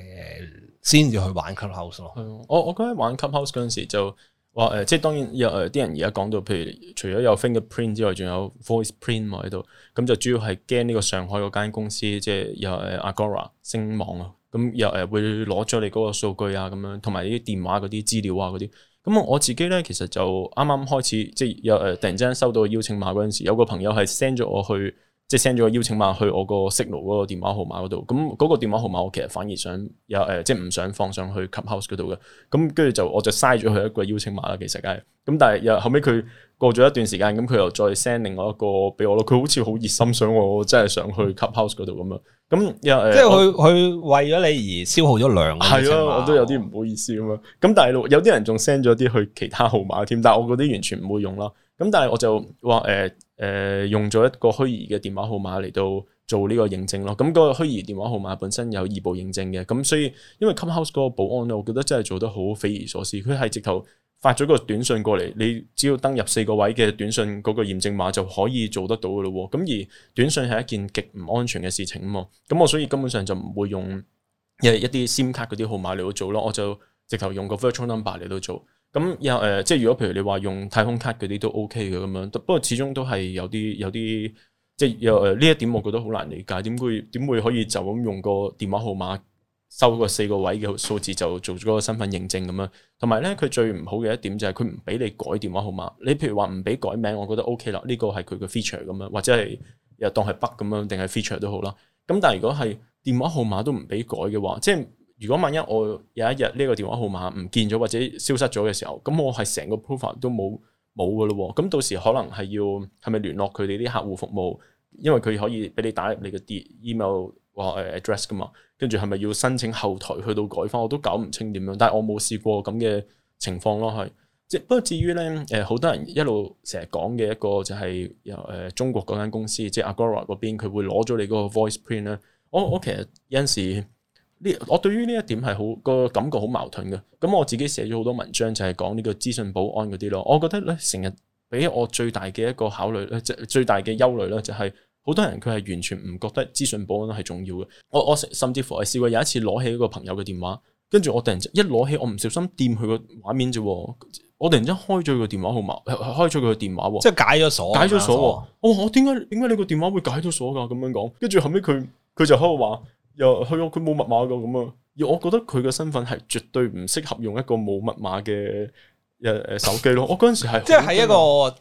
先至去玩 Clubhouse 咯。係啊，我我覺得玩 Clubhouse 嗰陣時就話誒、呃，即係當然有誒啲人而家講到，譬如除咗有 fingerprint 之外，仲有 voiceprint 喺度。咁就主要係驚呢個上海嗰間公司，即係又誒 Agora 聲網啊。咁又誒會攞咗你嗰個數據啊，咁樣同埋啲電話嗰啲資料啊嗰啲。咁我我自己咧其實就啱啱開始，即係有誒突然之間收到邀請碼嗰陣時，有個朋友係 send 咗我去。即係 send 咗個邀請碼去我個 Signal 嗰個電話號碼嗰度，咁嗰個電話號碼我其實反而想有誒、呃，即係唔想放上去 Clubhouse 嗰度嘅。咁跟住就我就嘥咗佢一個邀請碼啦。其實梗係，咁但係又、呃、後尾佢過咗一段時間，咁佢又再 send 另外一個俾我咯。佢好似好熱心，想我真係上去 Clubhouse 嗰度咁啊。咁又即係佢佢為咗你而消耗咗糧，係咯、啊，我都有啲唔好意思咁樣。咁但係有啲人仲 send 咗啲去其他號碼添，但係我嗰啲完全唔會用啦。咁但係我就話誒誒，用咗一個虛擬嘅電話號碼嚟到做呢個認證咯。咁、嗯、嗰、那個虛擬電話號碼本身有二步認證嘅。咁、嗯、所以因為 Club、um、house 嗰個保安，我覺得真係做得好匪夷所思。佢係直頭發咗個短信過嚟，你只要登入四個位嘅短信嗰個驗證碼就可以做得到噶咯。咁、嗯、而短信係一件極唔安全嘅事情啊嘛。咁、嗯、我所以根本上就唔會用一啲 sim 卡嗰啲號碼嚟到做咯。我就直頭用個 virtual number 嚟到做。咁有誒、呃，即係如果譬如你話用太空卡嗰啲都 OK 嘅咁樣，不過始終都係有啲有啲，即係又誒呢一點我覺得好難理解。點會點會可以就咁用個電話號碼收個四個位嘅數字就做咗個身份認證咁樣？同埋咧，佢最唔好嘅一點就係佢唔俾你改電話號碼。你譬如話唔俾改名，我覺得 OK 啦，呢、這個係佢嘅 feature 咁樣，或者係又當係 bug 咁樣，定係 feature 都好啦。咁但係如果係電話號碼都唔俾改嘅話，即係。如果萬一我有一日呢個電話號碼唔見咗或者消失咗嘅時候，咁我係成個 profile 都冇冇嘅咯喎，咁到時可能係要係咪聯絡佢哋啲客戶服務，因為佢可以俾你打入你嘅 email or address 噶嘛，跟住係咪要申請後台去到改翻，我都搞唔清點樣，但係我冇試過咁嘅情況咯，係即不過至於咧，誒、呃、好多人一路成日講嘅一個就係由誒、呃、中國嗰間公司，即係 Agora 嗰邊，佢會攞咗你嗰個 voice print 咧，我我其實有陣時。呢，我對於呢一點係好、嗰個感覺好矛盾嘅。咁我自己寫咗好多文章，就係講呢個資訊保安嗰啲咯。我覺得咧，成日俾我最大嘅一個考慮咧，最最大嘅憂慮咧、就係，就係好多人佢係完全唔覺得資訊保安係重要嘅。我我甚至乎係試過有一次攞起一個朋友嘅電話，跟住我突然一攞起，我唔小心掂佢個畫面啫。我突然一開咗佢個電話號碼，開咗佢個電話，電話即係解咗鎖，解咗鎖。鎖哦、我話我點解點解你個電話會解咗鎖㗎？咁樣講，跟住後尾佢佢就喺度話。又去佢冇密碼㗎咁啊！而我覺得佢嘅身份係絕對唔適合用一個冇密碼嘅誒誒手機咯。我嗰陣時係即係喺一個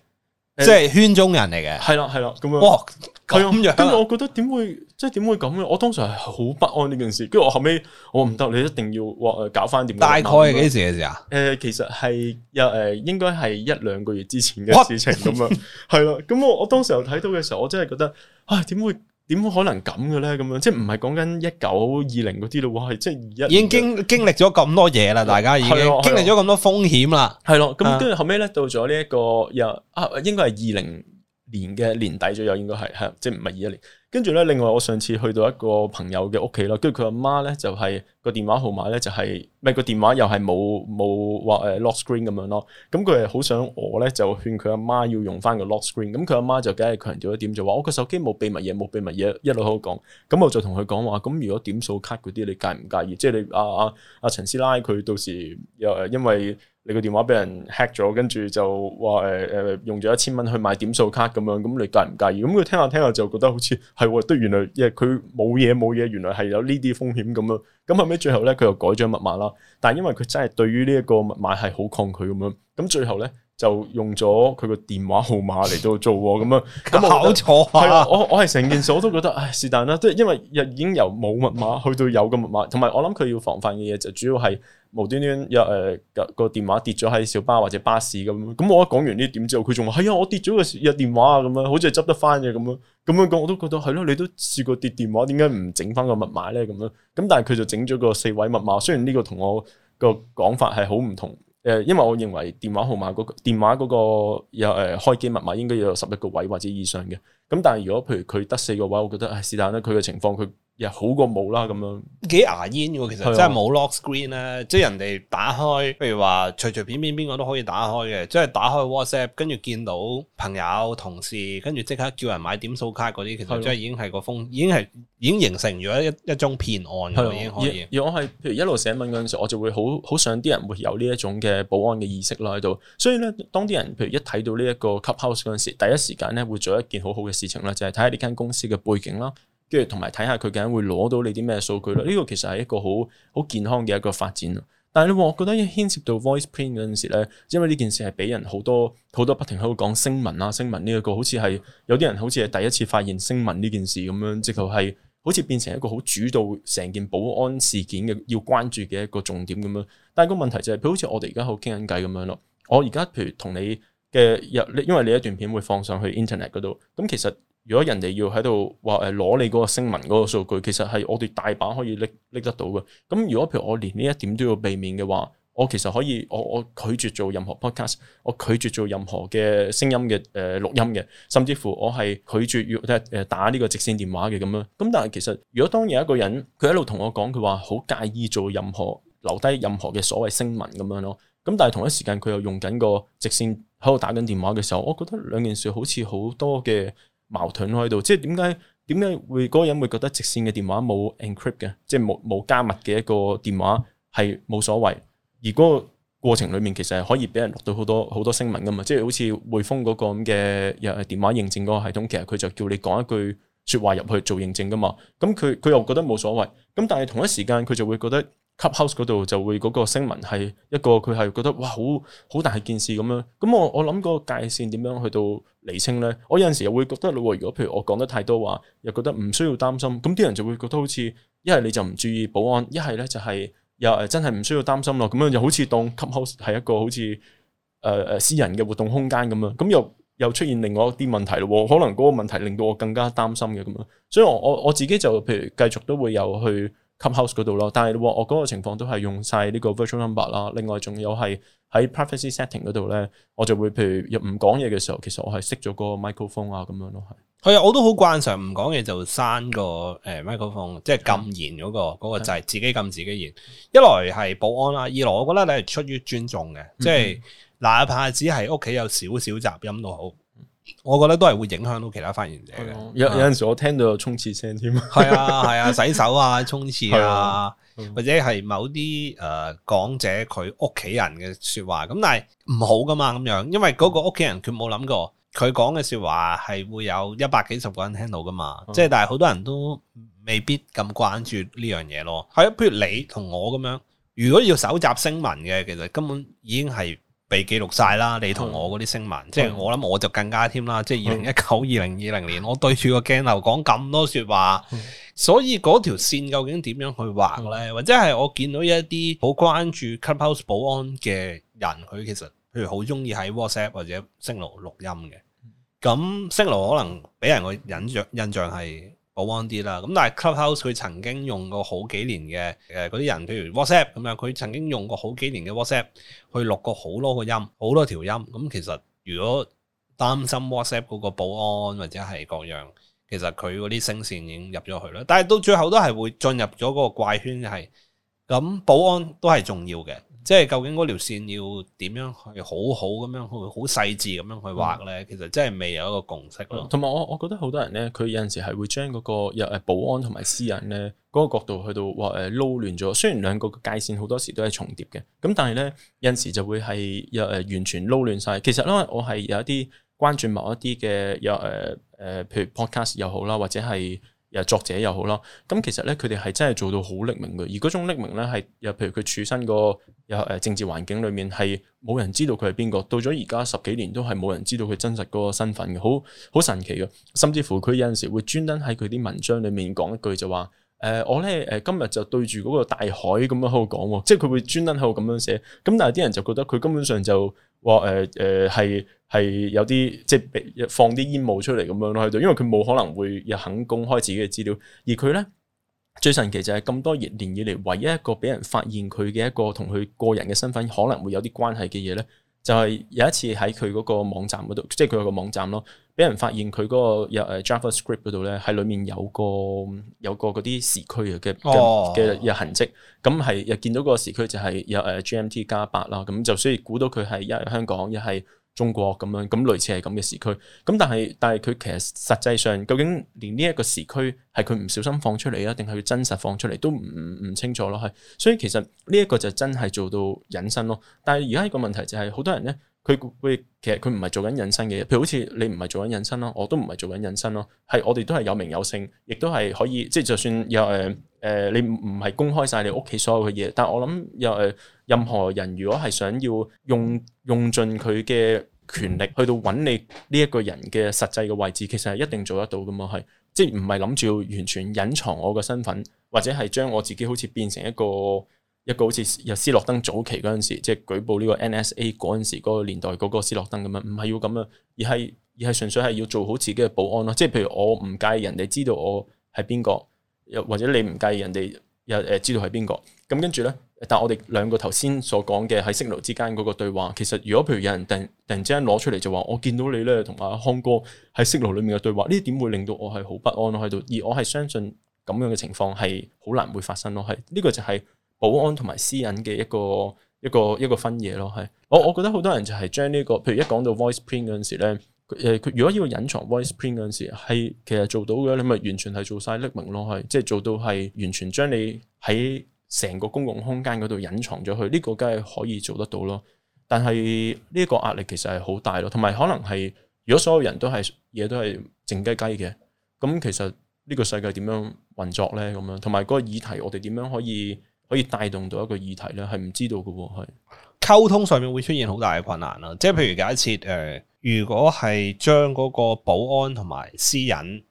即係圈中人嚟嘅，係啦係啦咁樣。哇，咁樣，跟住我覺得點會即係點會咁嘅？我當時係好不安呢件事。跟住我後尾，我唔得，嗯、你一定要哇誒、嗯、搞翻點？大概係幾時嘅事啊？誒、呃，其實係又誒，應該係一兩個月之前嘅事情咁樣。係啦，咁我我當時又睇到嘅時候，我真係覺得啊，點、哎、會？點可能咁嘅咧？咁樣即係唔係講緊一九二零嗰啲咯，係即係二一。已經經經歷咗咁多嘢啦，大家已經、嗯啊啊、經歷咗咁多風險啦。係咯、啊，咁跟住後尾咧、這個，到咗呢一個又啊，應該係二零年嘅年底左右，應該係係、啊，即係唔係二一年。跟住咧，另外我上次去到一個朋友嘅屋企啦，跟住佢阿媽咧就係、是。個電話號碼咧就係咩個電話又係冇冇話誒 lock screen 咁樣咯，咁佢係好想我咧就勸佢阿媽要用翻個 lock screen，咁佢阿媽就梗係強調一點，就話我個手機冇秘密嘢，冇秘密嘢一路好講，咁我就同佢講話，咁、啊、如果點數卡嗰啲你介唔介意？即係你阿阿阿陳師奶佢到時又誒，因為你個電話俾人 hack 咗，跟住就話誒誒用咗一千蚊去買點數卡咁樣，咁你介唔介意？咁佢聽下聽下就覺得好似係喎，都原來誒佢冇嘢冇嘢，原來係有呢啲風險咁樣！咁後尾最後咧，佢又改咗密碼啦。但係因為佢真係對於呢一個密碼係好抗拒咁樣，咁最後咧，就用咗佢個電話號碼嚟到做咁樣，咁搞錯啊！係我我係成 件事我都覺得唉是但啦，即係因為已已經由冇密碼去到有個密碼，同埋我諗佢要防範嘅嘢，就主要係無端端一誒個電話跌咗喺小巴或者巴士咁，咁我一講完呢點之後，佢仲話係啊，我跌咗個日電話啊咁啊，好似係執得翻嘅咁啊，咁樣講我都覺得係咯，你都試過跌電話，點解唔整翻個密碼咧咁啊？咁但係佢就整咗個四位密碼，雖然呢個同我個講法係好唔同。因為我認為電話號碼嗰、那個電話嗰個有誒、呃、開機密碼應該要有十一個位或者以上嘅，咁但係如果譬如佢得四個位，我覺得唉，是但啦，佢嘅情況佢又好過冇啦，咁樣幾牙煙嘅，其實真係冇 lock screen 咧，的即係人哋打開，譬如話隨隨便便邊個都可以打開嘅，即係打開 WhatsApp，跟住見到朋友同事，跟住即刻叫人買點數卡嗰啲，其實即係已經係個風，的已經係已經形成咗一一宗騙案，係咯的，而而我係譬如一路寫文嗰陣時，我就會好好想啲人會有呢一種嘅保安嘅意識啦喺度，所以咧，當啲人譬如一睇到呢一個 Clubhouse 嗰陣時，第一時間咧會做一件好好嘅事情啦，就係睇下呢間公司嘅背景啦。跟住同埋睇下佢究竟會攞到你啲咩數據咯。呢、這個其實係一個好好健康嘅一個發展。但係你話我覺得牽涉到 voiceprint 嗰陣時咧，因為呢件事係俾人好多好多不停喺度講聲紋啦，聲紋呢一個好似係有啲人好似係第一次發現聲紋呢件事咁樣，直頭係好似變成一個好主導成件保安事件嘅要關注嘅一個重點咁樣。但係個問題就係、是、佢好似我哋而家好傾緊偈咁樣咯。我而家譬如同你嘅入，因為你一段片會放上去 internet 嗰度，咁其實。如果人哋要喺度話，誒攞你嗰個聲紋嗰個數據，其實係我哋大把可以拎拎得到嘅。咁如果譬如我連呢一點都要避免嘅話，我其實可以我我拒絕做任何 podcast，我拒絕做任何嘅聲音嘅誒、呃、錄音嘅，甚至乎我係拒絕要即打呢個直線電話嘅咁樣。咁但係其實如果當有一個人佢喺度同我講，佢話好介意做任何留低任何嘅所謂聲紋咁樣咯。咁但係同一時間佢又用緊個直線喺度打緊電話嘅時候，我覺得兩件事好似好多嘅。矛盾喺度，即係點解，點解會嗰個人會覺得直線嘅電話冇 encrypt 嘅，即係冇冇加密嘅一個電話係冇所謂。而嗰個過程裏面其實係可以俾人錄到好多好多聲明噶嘛，即係好似匯豐嗰個咁嘅又係電話認證嗰個系統，其實佢就叫你講一句説話，入去做認證噶嘛。咁佢佢又覺得冇所謂，咁但係同一時間佢就會覺得。Clubhouse 嗰度就會嗰個聲明係一個佢係覺得哇，好好大件事咁樣，咁我我諗個界線點樣去到厘清咧？我有陣時又會覺得咯，如果譬如我講得太多話，又覺得唔需要擔心，咁啲人就會覺得好似一係你就唔注意保安，一係咧，就係又誒，真係唔需要擔心咯，咁樣就好似當 Clubhouse 係一個好似誒誒私人嘅活動空間咁樣，咁又又出現另外一啲問題咯，可能嗰個問題令到我更加擔心嘅咁樣，所以我我我自己就譬如繼續都會有去。Clubhouse 嗰度咯，但係我嗰個情況都係用晒呢個 virtual number 啦。另外仲有係喺 privacy setting 嗰度咧，我就會譬如入唔講嘢嘅時候，其實我係熄咗個 microphone 啊，咁樣都係。係啊，我都好慣常唔講嘢就閂個誒、呃、microphone，即係禁言嗰個嗰是的、那個掣、那個，自己禁自己言。是的 一來係保安啦，二來我覺得你係出於尊重嘅，嗯嗯即係哪怕只係屋企有少少雜音都好。我覺得都係會影響到其他發言者。嗯嗯有有有陣時我聽到有沖廁聲添，係啊係啊，啊，洗手啊，沖廁啊，啊嗯、或者係某啲誒講者佢屋企人嘅說話咁，但係唔好噶嘛咁樣，因為嗰個屋企人佢冇諗過佢講嘅說話係會有一百幾十個人聽到噶嘛，即係、嗯、但係好多人都未必咁關注呢樣嘢咯。係，譬如你同我咁樣，如果要搜集新聞嘅，其實根本已經係。被記錄晒啦，你同我嗰啲聲紋，嗯、即係我諗我就更加添啦，即係二零一九、二零二零年，嗯、我對住個鏡頭講咁多説話，嗯、所以嗰條線究竟點樣去畫咧？嗯、或者係我見到一啲好關注 Clubhouse 保安嘅人，佢其實譬如好中意喺 WhatsApp 或者 Signal 錄音嘅，咁 Signal 可能俾人個印象印象係。保安啲啦，咁但係 Clubhouse 佢曾經用過好幾年嘅誒嗰啲人，譬如 WhatsApp 咁樣，佢曾經用過好幾年嘅 WhatsApp 去錄過好多個音，好多條音。咁、嗯、其實如果擔心 WhatsApp 嗰個保安或者係各樣，其實佢嗰啲聲線已經入咗去啦。但係到最後都係會進入咗嗰個怪圈係，咁、嗯、保安都係重要嘅。即係究竟嗰條線要點樣去好好咁樣去好細緻咁樣去畫咧？其實真係未有一個共識咯。同埋我我覺得好多人咧，佢有陣時係會將嗰、嗰個保安同埋私人咧嗰、嗰個角度去到話誒撈亂咗。雖然兩個界線好多時都係重疊嘅，咁但係咧有陣時就會係又誒完全撈亂晒。其實咧，我係有一啲關注某一啲嘅又誒誒，譬如 podcast 又好啦，或者係，作者又好咯，咁其實咧佢哋係真係做到好匿名嘅，而嗰種匿名咧係又譬如佢處身個有誒政治環境裏面係冇人知道佢係邊個，到咗而家十幾年都係冇人知道佢真實嗰個身份嘅，好好神奇嘅，甚至乎佢有陣時會專登喺佢啲文章裏面講一句就話。誒、呃，我咧誒、呃，今日就對住嗰個大海咁樣喺度講，即係佢會專登喺度咁樣寫。咁但係啲人就覺得佢根本上就話誒誒，係、呃、係、呃、有啲即係俾放啲煙霧出嚟咁樣咯喺度，因為佢冇可能會又肯公開自己嘅資料，而佢咧最神奇就係咁多年年以嚟，唯一一個俾人發現佢嘅一個同佢個人嘅身份可能會有啲關係嘅嘢咧，就係有一次喺佢嗰個網站嗰度，即係佢有個網站咯，俾人發現佢嗰個有誒 JavaScript 嗰度咧，喺裡面有個有個嗰啲時區嘅嘅嘅嘅痕跡，咁係、哦、又見到個時區就係有誒 GMT 加八啦，咁就所以估到佢係一係香港，一係。中國咁樣咁類似係咁嘅時區，咁但係但係佢其實實際上究竟連呢一個時區係佢唔小心放出嚟啊，定係佢真實放出嚟都唔唔清楚咯，係所以其實呢一個就真係做到隱身咯。但係而家一個問題就係、是、好多人咧，佢會其實佢唔係做緊隱身嘅，譬如好似你唔係做緊隱身咯，我都唔係做緊隱身咯，係我哋都係有名有姓，亦都係可以即係就算有誒。誒、呃，你唔唔係公開晒你屋企所有嘅嘢，但係我諗又誒，任何人如果係想要用用盡佢嘅權力去到揾你呢一個人嘅實際嘅位置，其實係一定做得到噶嘛，係即係唔係諗住要完全隱藏我嘅身份，或者係將我自己好似變成一個一個好似斯洛登早期嗰陣時，即係舉報呢個 NSA 嗰陣時嗰、嗰個年代嗰個斯洛登咁樣，唔係要咁樣，而係而係純粹係要做好自己嘅保安咯，即係譬如我唔介意人哋知道我係邊個。又或者你唔介意人哋又誒知道係邊個？咁跟住咧，但係我哋兩個頭先所講嘅喺 Signal 之間嗰個對話，其實如果譬如有人突然突然之間攞出嚟就話我見到你咧同阿康哥喺 Signal 裏面嘅對話，呢點會令到我係好不安喺度？而我係相信咁樣嘅情況係好難會發生咯，係呢、這個就係保安同埋私隱嘅一個一個一個分野咯。係我我覺得好多人就係將呢個譬如一講到 voice print 嗰陣時咧。誒，佢如果要隱藏 voiceprint 嗰陣時，係其實做到嘅，你咪完全係做晒匿名落去，即係做到係完全將你喺成個公共空間嗰度隱藏咗去，呢個梗係可以做得到咯。但係呢個壓力其實係好大咯，同埋可能係如果所有人都係嘢都係靜雞雞嘅，咁其實呢個世界點樣運作咧？咁樣，同埋嗰個議題，我哋點樣可以可以帶動到一個議題咧？係唔知道㗎喎，係溝通上面會出現好大嘅困難啦。即係譬如假設誒。嗯呃如果係將嗰個保安同埋私隱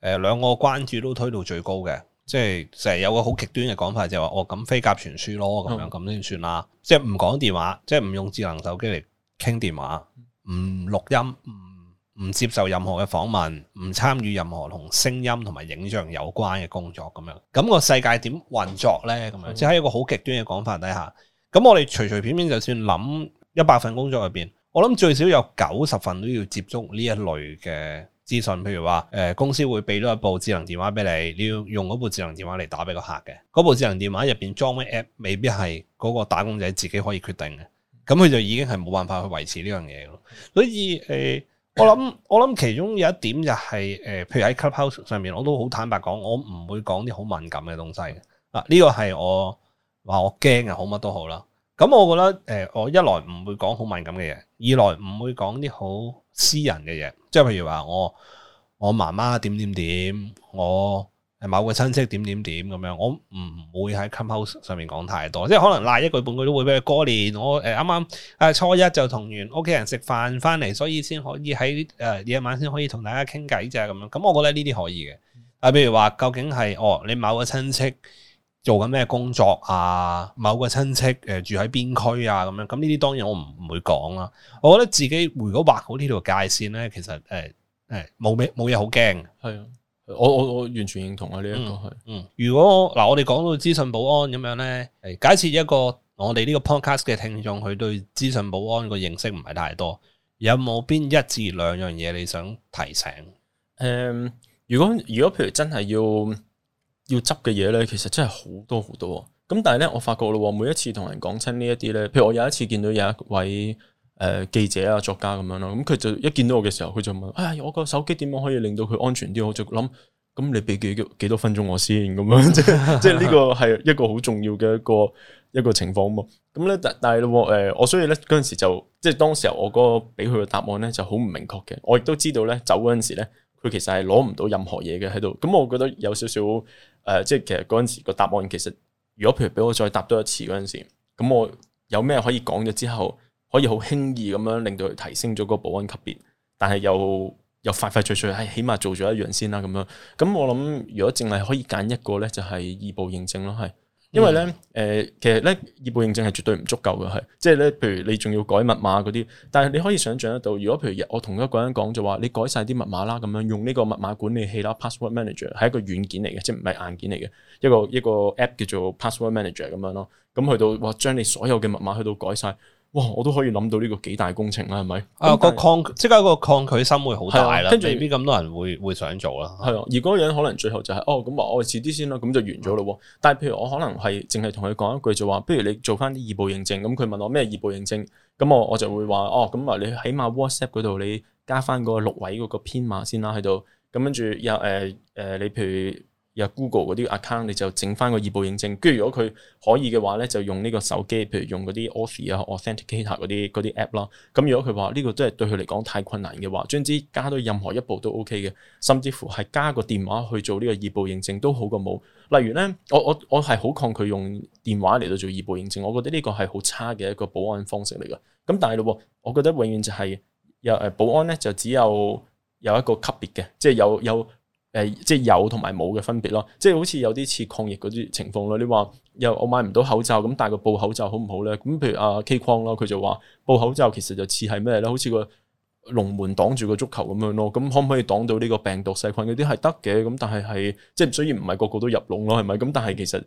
誒兩個關注都推到最高嘅，即係成日有個好極端嘅講法，就話、是、我咁飛鴿傳書咯，咁樣咁先算啦。嗯、即係唔講電話，即係唔用智能手機嚟傾電話，唔錄音，唔唔接受任何嘅訪問，唔參與任何同聲音同埋影像有關嘅工作，咁樣咁、那個世界點運作呢？咁樣即係、嗯、一個好極端嘅講法底下，咁我哋隨隨便便就算諗一百份工作入邊。我諗最少有九十份都要接觸呢一類嘅資訊，譬如話誒、呃，公司會俾多一部智能電話俾你，你要用嗰部智能電話嚟打俾個客嘅，嗰部智能電話入邊裝咩 app，未必係嗰個打工仔自己可以決定嘅，咁佢就已經係冇辦法去維持呢樣嘢咯。所以誒、呃，我諗我諗其中有一點就係、是、誒、呃，譬如喺 Clubhouse 上面，我都好坦白講，我唔會講啲好敏感嘅東西啊，呢個係我話我驚啊，好乜都好啦。咁、嗯、我覺得誒、呃，我一來唔會講好敏感嘅嘢，二來唔會講啲好私人嘅嘢，即係譬如話我我媽媽點點點，我係某個親戚點點點咁樣，我唔會喺 Clubhouse 上面講太多，即係可能賴一句半句都會俾佢過年。我誒啱啱誒初一就同完屋企人食飯翻嚟，所以先可以喺誒夜晚先可以同大家傾偈咋咁樣。咁、嗯嗯嗯、我覺得呢啲可以嘅。啊，譬如話究竟係哦，你某個親戚。做緊咩工作啊？某個親戚誒、呃、住喺邊區啊？咁樣咁，呢啲當然我唔會講啦。我覺得自己如果劃好呢條界線咧，其實誒誒冇咩冇嘢好驚。係啊，我我我完全認同啊呢一個係。嗯，如果嗱、呃、我哋講到資訊保安咁樣咧，誒假設一個我哋呢個 podcast 嘅聽眾佢對資訊保安個認識唔係太多，有冇邊一至兩樣嘢你想提醒？誒、嗯，如果如果譬如真係要。要執嘅嘢咧，其實真係好多好多。咁但係咧，我發覺咯，每一次同人講親呢一啲咧，譬如我有一次見到有一位誒、呃、記者啊作家，咁樣咯，咁佢就一見到我嘅時候，佢就問：哎，我個手機點樣可以令到佢安全啲？我就諗，咁你俾幾幾多分鐘我先咁樣，即係呢 個係一個好重要嘅一個一個情況嘛。咁咧但係咯，誒，我、呃、所以咧嗰陣時就即係當時我嗰個俾佢嘅答案咧，就好唔明確嘅。我亦都知道咧，走嗰陣時咧，佢其實係攞唔到任何嘢嘅喺度。咁我覺得有少少。誒、呃，即係其實嗰陣時個答案其實，如果譬如俾我再答多一次嗰陣時，咁我有咩可以講咗之後，可以好輕易咁樣令到佢提升咗個保安級別，但係又又快快脆脆，係、哎、起碼做咗一樣先啦、啊、咁樣。咁我諗，如果淨係可以揀一個咧，就係二步認證咯，係。因為咧，誒、呃，其實咧，二步認證係絕對唔足夠嘅，係，即係咧，譬如你仲要改密碼嗰啲，但係你可以想像得到，如果譬如我同一個人講就話，你改晒啲密碼啦，咁樣用呢個密碼管理器啦，password manager 係一個軟件嚟嘅，即係唔係硬件嚟嘅，一個一個 app 叫做 password manager 咁樣咯，咁去到話將你所有嘅密碼去到改晒。哇！我都可以諗到呢個幾大工程啦，係咪啊，個抗即係個抗拒心會好大啦，跟住、啊、未必咁多人會會想做啦。係啊，而嗰樣可能最後就係、是、哦咁啊，我遲啲先啦，咁就完咗咯。但係譬如我可能係淨係同佢講一句就話，不如你做翻啲二步認證，咁佢問我咩二步認證？咁我我就會話哦咁啊，你起碼 WhatsApp 嗰度你加翻個六位嗰個編碼先啦喺度，咁跟住又誒誒，你譬如。有 Google 嗰啲 account，你就整返個二步認證。跟住如果佢可以嘅話咧，就用呢個手機，譬如用嗰啲 Auth 啊、Authenticator 嗰啲啲 app 啦。咁如果佢話呢個真係對佢嚟講太困難嘅話，將之加到任何一步都 OK 嘅，甚至乎係加個電話去做呢個二步認證都好過冇。例如咧，我我我係好抗拒用電話嚟到做二步認證，我覺得呢個係好差嘅一個保安方式嚟㗎。咁但係嘞，我覺得永遠就係有誒保安咧，就只有有一個級別嘅，即係有有。有有誒，即係有同埋冇嘅分別咯，即係好似有啲似抗疫嗰啲情況咯。你話又我買唔到口罩，咁戴個布口罩好唔好咧？咁譬如阿 K 框咯，佢就話布口罩其實就似係咩咧？好似個龍門擋住個足球咁樣咯。咁可唔可以擋到呢個病毒細菌嗰啲係得嘅？咁但係係即係雖然唔係個個都入籠咯，係咪？咁但係其實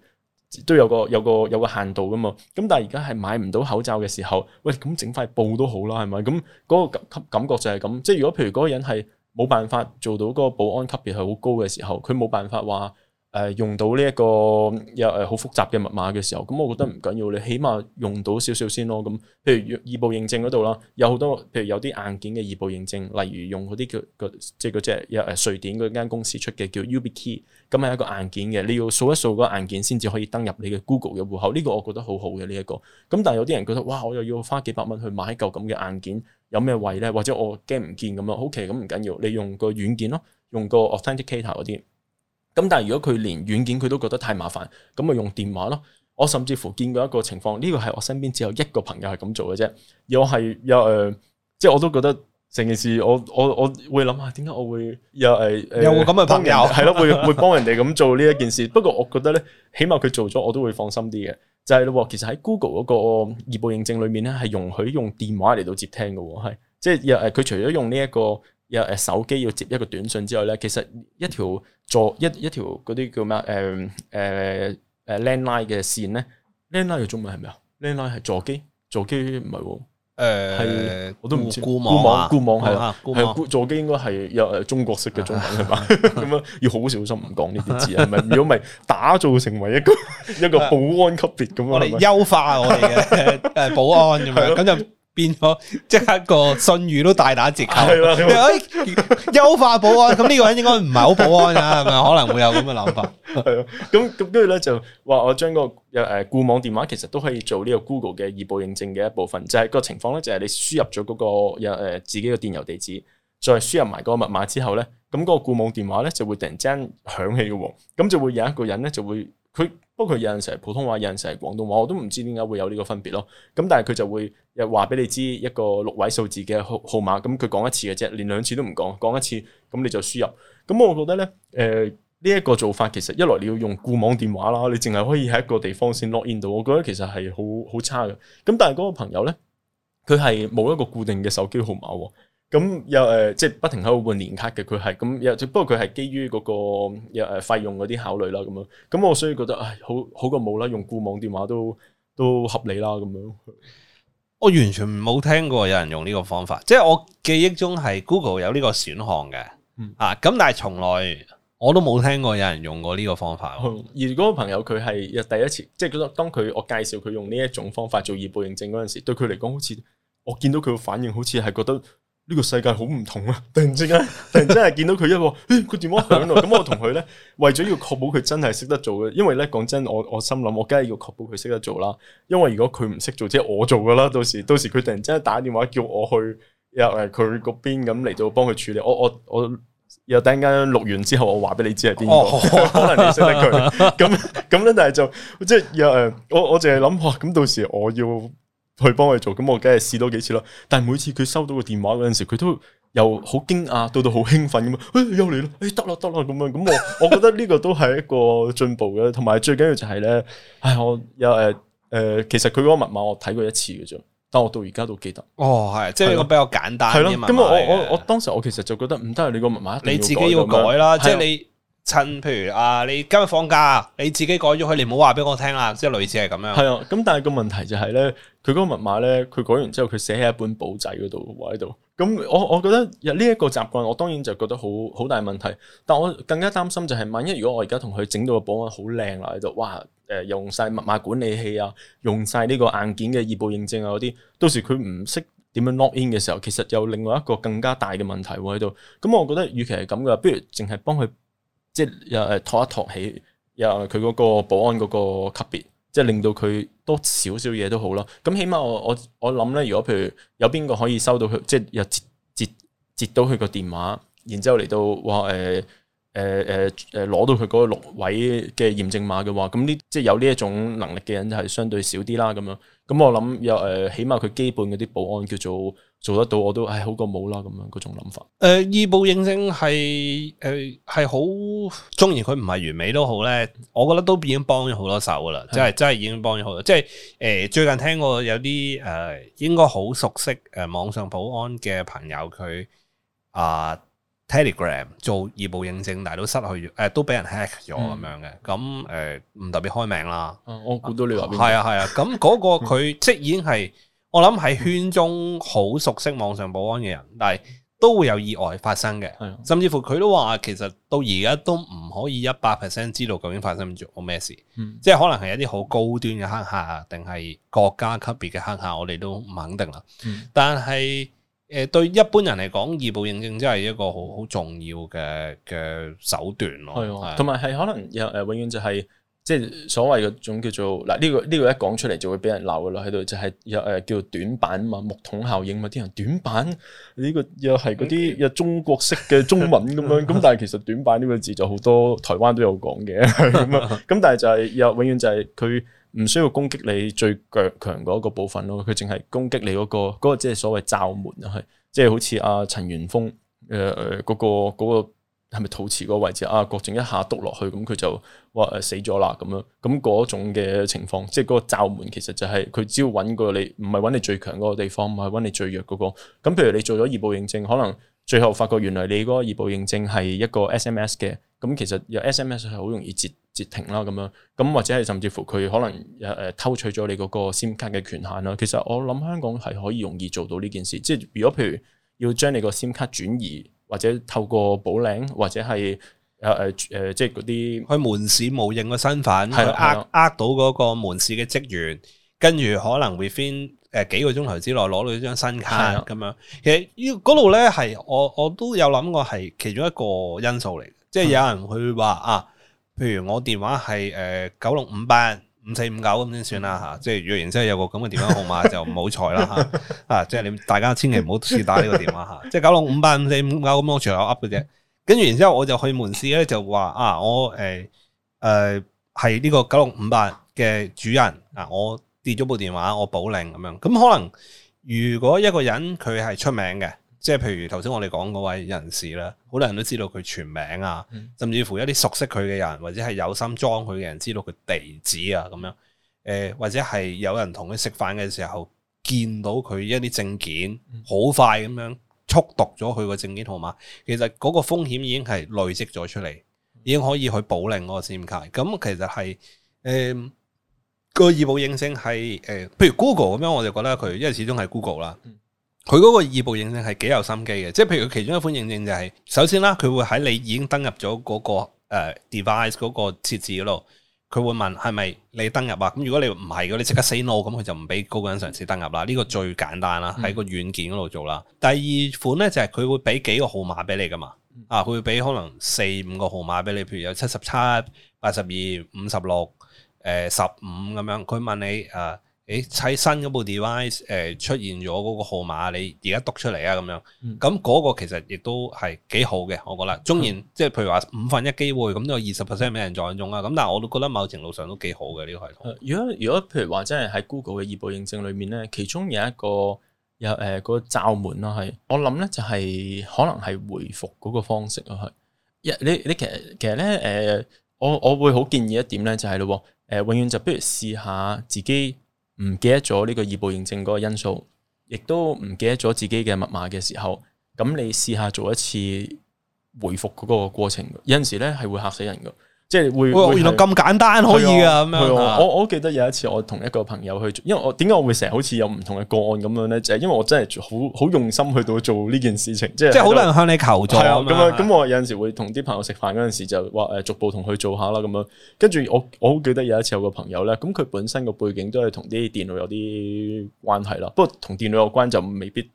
都有個有個有個限度噶嘛。咁但係而家係買唔到口罩嘅時候，喂，咁整塊布都好啦，係咪？咁嗰個感感覺就係咁。即係如果譬如嗰個人係。冇辦法做到嗰個保安級別係好高嘅時候，佢冇辦法話誒、呃、用到呢一個又誒好複雜嘅密碼嘅時候，咁我覺得唔緊要，你、嗯、起碼用到少少先咯。咁譬如要二步認證嗰度啦，有好多譬如有啲硬件嘅二步認證，例如用嗰啲叫即係個瑞典嗰間公司出嘅叫 YubiKey，咁係一個硬件嘅，你要掃一掃嗰個硬件先至可以登入你嘅 Google 嘅戶口。呢個我覺得好好嘅呢一個，咁但係有啲人覺得哇，我又要花幾百蚊去買嚿咁嘅硬件。有咩位咧？或者我驚唔見咁樣，好奇咁唔緊要，你用個軟件咯，用個 Authenticator 嗰啲。咁但係如果佢連軟件佢都覺得太麻煩，咁咪用電話咯。我甚至乎見過一個情況，呢個係我身邊只有一個朋友係咁做嘅啫。又係有，誒、呃，即係我都覺得成件事，我我我會諗下點解我會有係又咁嘅朋友，係咯會會幫人哋咁做呢一件事。 不過我覺得咧，起碼佢做咗，我都會放心啲嘅。就係咯，其實喺 Google 嗰個二步認證裏面咧，係容許用電話嚟到接聽嘅喎，係即係誒佢除咗用呢一個誒手機要接一個短信之外咧，其實一條座一一條嗰啲叫咩啊誒誒誒 landline 嘅線咧，landline 嘅中文係咩啊？landline 係座機，座機唔係喎。誒，係、呃、我都唔知固網固網係係固座機應該係有誒中國式嘅中文係嘛，咁樣 要好小心唔講呢啲字，係咪？ 如果唔係打造成為一個一個保安級別咁樣，嚟哋優化我哋嘅誒保安咁樣，咁就。變咗即刻一個信譽都大打折扣。 你優、哎、化保安，咁呢 個人應該唔係好保安呀？係咪 可能會有咁嘅諗法？係啊，咁咁跟住咧就話我將個誒固、呃、網電話其實都可以做呢個 Google 嘅二步認證嘅一部分。就係、是、個情況咧，就係、是、你輸入咗嗰、那個誒、呃、自己嘅電郵地址，再輸入埋個密碼之後咧，咁、那、嗰個固網電話咧就會突然之間響起嘅，咁就會有一個人咧就會佢。佢有陣時係普通話，有陣時係廣東話，我都唔知點解會有呢個分別咯。咁但係佢就會又話俾你知一個六位數字嘅號號碼，咁佢講一次嘅啫，連兩次都唔講，講一次咁你就輸入。咁我覺得咧，誒呢一個做法其實一來你要用固網電話啦，你淨係可以喺一個地方先 login 到，我覺得其實係好好差嘅。咁但係嗰個朋友咧，佢係冇一個固定嘅手機號碼。咁又誒，即係不停喺度換年卡嘅，佢係咁又，只不過佢係基於嗰、嗰個又誒費用嗰啲考慮啦，咁樣。咁我所以覺得，唉，好好過冇啦，用固網電話都都合理啦，咁樣。我完全冇聽過有人用呢個方法，即係我記憶中係 Google 有呢個選項嘅，嗯、啊，咁但係從來我都冇聽過有人用過呢個方法。嗯、而嗰個朋友佢係第一次，即係覺得當佢我介紹佢用呢一種方法做二步認證嗰陣時，對佢嚟講好似我見到佢嘅反應，好似係覺得。呢個世界好唔同啊！突然之間， 突然真係見到佢一個，咦，佢電話響咯。咁我同佢咧，為咗要確保佢真係識得做嘅，因為咧講真，我我心諗，我梗係要確保佢識得做啦。因為如果佢唔識做，即係我做噶啦。到時到時佢突然之間打電話叫我去入誒佢嗰邊咁嚟到幫佢處理。我我我又突然間錄完之後，我話俾你知係邊個，哦、 可能你識得佢。咁咁咧，但係就即係又誒，我我淨係諗哇，咁、呃、到時我要。去幫佢做，咁我梗係試多幾次咯。但係每次佢收到個電話嗰陣時，佢都又好驚訝，到到好興奮咁啊！又嚟咯，哎得啦得啦咁樣。咁我我覺得呢個都係一個進步嘅，同埋最緊要就係咧，唉我又誒誒，其實佢嗰個密碼我睇過一次嘅啫，但我到而家都記得。哦，係即係個比較簡單係咯。咁我我我當時我其實就覺得唔得，你個密碼你自己要改啦。即係你趁譬如啊，你今日放假，你自己改咗佢，你唔好話俾我聽啊。即係類似係咁樣。係啊。咁但係個問題就係咧。佢嗰個密碼咧，佢改完之後，佢寫喺一本簿仔嗰度，喺度。咁我我覺得有呢一個習慣，我當然就覺得好好大問題。但我更加擔心就係，萬一如果我而家同佢整到個保安好靚啦喺度，哇！誒、呃、用晒密碼管理器啊，用晒呢個硬件嘅二步認證啊嗰啲，到時佢唔識點樣 log in 嘅時候，其實有另外一個更加大嘅問題喎喺度。咁我覺得，與其係咁嘅，不如淨係幫佢即係誒托一托起，又佢嗰個保安嗰個級別。即係令到佢多少少嘢都好咯，咁起碼我我我諗咧，如果譬如有邊個可以收到佢，即係又接接接到佢個電話，然之後嚟到話誒誒誒誒攞到佢嗰個六位嘅驗證碼嘅話，咁呢即係有呢一種能力嘅人就係相對少啲啦，咁樣。咁、嗯、我諗有誒、呃，起碼佢基本嗰啲保安叫做做得到，我都係好過冇啦。咁樣嗰種諗法。誒、呃，二步認證係誒係好鍾意，佢唔係完美都好咧。我覺得都已經幫咗好多手㗎喇，即係的真係已經幫咗好多。即係誒、呃，最近聽過有啲誒、呃，應該好熟悉誒、呃呃，網上保安嘅朋友佢啊。Telegram 做業務認證，但係都失去誒、呃，都俾人 hack 咗咁樣嘅。咁、呃、誒，唔特別開名啦、嗯。我估到你話係啊係啊。咁嗰、啊啊嗰個佢即已經係，我諗係圈中好熟悉網上保安嘅人，但係都會有意外發生嘅。甚至乎佢都話，其實到而家都唔可以一百 percent 知道究竟發生咗咩事。嗯、即係可能係一啲好高端嘅黑客啊，定係國家級別嘅黑客，我哋都唔肯定啦。但係。誒，對一般人嚟講，二步認證真係一個好好重要嘅嘅手段咯。係，同埋係可能又誒，永遠就係即係所謂嗰種叫做嗱，呢、這個呢、這個一講出嚟就會俾人鬧噶啦，喺度就係又誒叫做短板啊嘛，木桶效應嘛。啲人短板呢、嗯、個又係嗰啲又中國式嘅中文咁樣。咁 但係其實短板呢個字就好多台灣都有講嘅。咁但係就係又永遠就係佢。唔需要攻擊你最強強嗰個部分咯，佢淨係攻擊你嗰個嗰個即係所謂罩門啊！係即係好似阿陳元峰誒誒嗰個嗰個係咪肚臍嗰個位置啊？郭靖一下篤落去，咁佢就話誒、呃、死咗啦咁樣，咁嗰種嘅情況，即係嗰個罩門其實就係、係、佢只要揾過你，唔係揾你最強嗰個地方，唔係揾你最弱嗰個。咁譬如你做咗二步認證，可能最後發覺原來你嗰個二步認證係一個 S M S 嘅，咁其實有 S M S 係好容易接截停啦，咁樣，咁或者係甚至乎佢可能誒誒偷取咗你嗰個 SIM 卡嘅權限啦。其實我諗香港係可以容易做到呢件事，即係如果譬如要將你個 SIM 卡轉移，或者透過保領或者係誒誒誒，即係嗰啲去門市冒認嘅身份，去呃呃到嗰個門市嘅職員，跟住可能會翻誒幾個鐘頭之內攞到張新卡咁樣。其實呢度咧係我我都有諗過係其中一個因素嚟，即係有人會話啊。啊譬如我電話係誒九六五八五四五九，咁先算啦吓、啊，即係如果然之後有個咁嘅電話號碼就唔好彩啦吓， 啊即係你大家千祈唔好試打呢個電話吓、 啊，即係九六五八五四五九，咁我隨口噏嘅啫，跟住然之後我就去門市咧就話啊我誒誒係呢個九六五八嘅主人啊，我跌咗、呃呃啊、部電話我補領咁樣，咁可能如果一個人佢係出名嘅。即係譬如頭先我哋講嗰位人士啦，好多人都知道佢全名啊，甚至乎一啲熟悉佢嘅人，或者係有心裝佢嘅人，知道佢地址啊，咁樣誒、呃，或者係有人同佢食飯嘅時候見到佢一啲證件，好快咁樣速讀咗佢個證件號碼，其實嗰個風險已經係累積咗出嚟，已經可以去補領個信用卡。咁其實係誒、呃那個二步認證係誒，譬如 Google 咁樣，我就覺得佢因為始終係 Google 啦、嗯。佢嗰個二部驗證係幾有心機嘅，即係譬如佢其中一款驗證就係、是，首先啦，佢會喺你已經登入咗嗰、那個誒、呃、device 嗰個設置嗰度，佢會問係咪你登入啊？咁如果你唔係嘅，你即刻 say no，咁佢就唔俾高個人嘗試登入啦。呢、這個最簡單啦，喺個軟件嗰度做啦。嗯、第二款咧就係、是、佢會俾幾個號碼俾你噶嘛，啊，佢會俾可能四五個號碼俾你，譬如有七十七、八十二、五十六、誒十五咁樣，佢問你啊。呃哎、砌新嗰部 device 誒、呃、出現咗嗰個號碼，你而家篤出嚟啊咁樣，咁嗰、嗯、個其實亦都係幾好嘅，我覺得。縱然、嗯、即係譬如話五分一機會，咁都有二十 percent 俾人再用啦。咁但係我都覺得某程度上都幾好嘅呢、呢個系統。如果如果譬如話真係喺 Google 嘅二步認證裏面咧，其中有一個有誒、呃嗰個罩門啦，係我諗咧就係可能係回覆嗰個方式咯，係。一你你其實其實咧誒、呃，我我會好建議一點咧、就係，就係咯，誒永遠就不如試下自己。唔記得咗呢個二步認證嗰個因素，亦都唔記得咗自己嘅密碼嘅時候，咁你試下做一次回復嗰個過程，有陣時咧係會嚇死人㗎。即係會，原來咁簡單可以噶咁樣。我我記得有一次我同一個朋友去做，因為我點解我會成日好似有唔同嘅個案咁樣咧？就係因為我真係好好用心去到做呢件事情，即係即係好多人向你求助。係啊，咁啊，咁我有陣時會同啲朋友食飯嗰陣時就話誒，逐步同佢做下啦咁樣。跟住我我好記得有一次有個朋友咧，咁佢本身個背景都係同啲電腦有啲關係啦，不過同電腦有關就未必。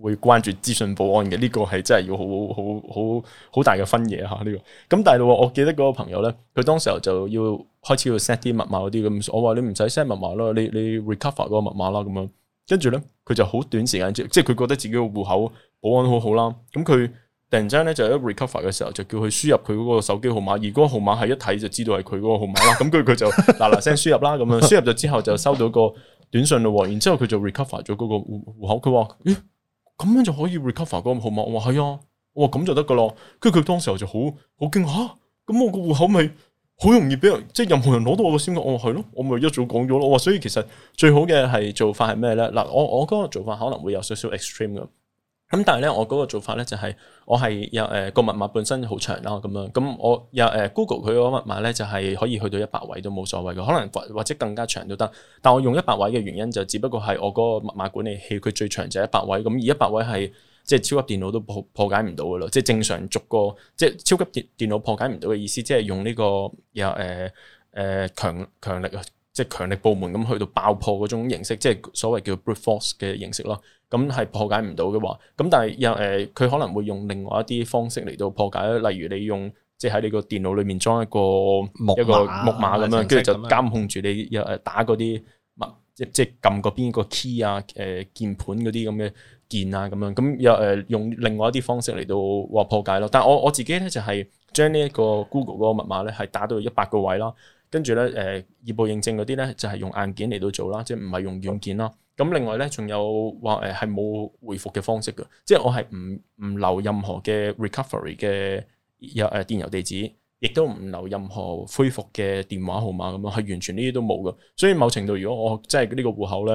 會關注資訊保安嘅呢、這個係真係要好好好好大嘅分野吓呢個。咁、啊、但係我我記得嗰個朋友咧，佢當時候就要開始要 set 啲密碼嗰啲咁。我話你唔使 set 密碼啦，你你 recover 嗰個密碼啦咁樣。跟住咧，佢就好短時間即係即係佢覺得自己個戶口保安好好啦。咁佢突然間咧就一 recover 嘅時候，就叫佢輸入佢嗰個手機號碼，而嗰個號碼係一睇就知道係佢嗰個號碼啦。咁跟住佢就嗱嗱聲輸入啦，咁樣輸入咗之後就收到個短信咯。然之後佢就 recover 咗嗰個戶戶口，佢話。咦咁樣就可以 recover 嗰個號碼，我話係啊，我話咁就得噶咯。跟住佢當時候就好好驚吓，咁、啊、我個戶口咪好容易俾人即係任何人攞到我個先，我話係咯，我咪一早講咗咯，我話所以其實最好嘅係做法係咩咧？嗱，我我嗰個做法可能會有少少 extreme 咁。咁但係咧，我嗰個做法咧就係，我係有誒個密碼本身好長啦，咁樣，咁我又誒 Google 佢嗰個密碼咧就係可以去到一百位都冇所謂嘅，可能或或者更加長都得。但我用一百位嘅原因就只不過係我嗰個密碼管理器佢最長就一百位，咁而一百位係即係超級電腦都破破解唔到嘅咯，即係正常逐個即係超級電電腦破解唔到嘅意思，即係用呢個有誒誒強強力，啊，即係強力部門咁去到爆破嗰種形式，即係所謂叫 Brute Force 嘅形式咯。咁係、嗯、破解唔到嘅話，咁但係又誒，佢、呃、可能會用另外一啲方式嚟到破解咯。例如你用即係喺你個電腦裏面裝一個木馬、一個木馬咁樣，跟住就監控住你又誒打嗰啲即即撳個邊個 key 啊，誒鍵盤嗰啲咁嘅鍵啊咁樣。咁又誒用另外一啲方式嚟到話破解咯。但係我我自己咧就係將呢一個 Google 嗰個密碼咧係打到一百個位咯。跟住咧，誒二步認證嗰啲咧，就係、是、用硬件嚟到做啦，即係唔係用軟件啦。咁、嗯、另外咧，仲有話誒係冇回復嘅方式嘅，即係我係唔唔留任何嘅 recovery 嘅郵誒電郵地址，亦都唔留任何恢復嘅電話號碼咁樣，係完全呢啲都冇嘅。所以某程度，如果我即係呢個戶口咧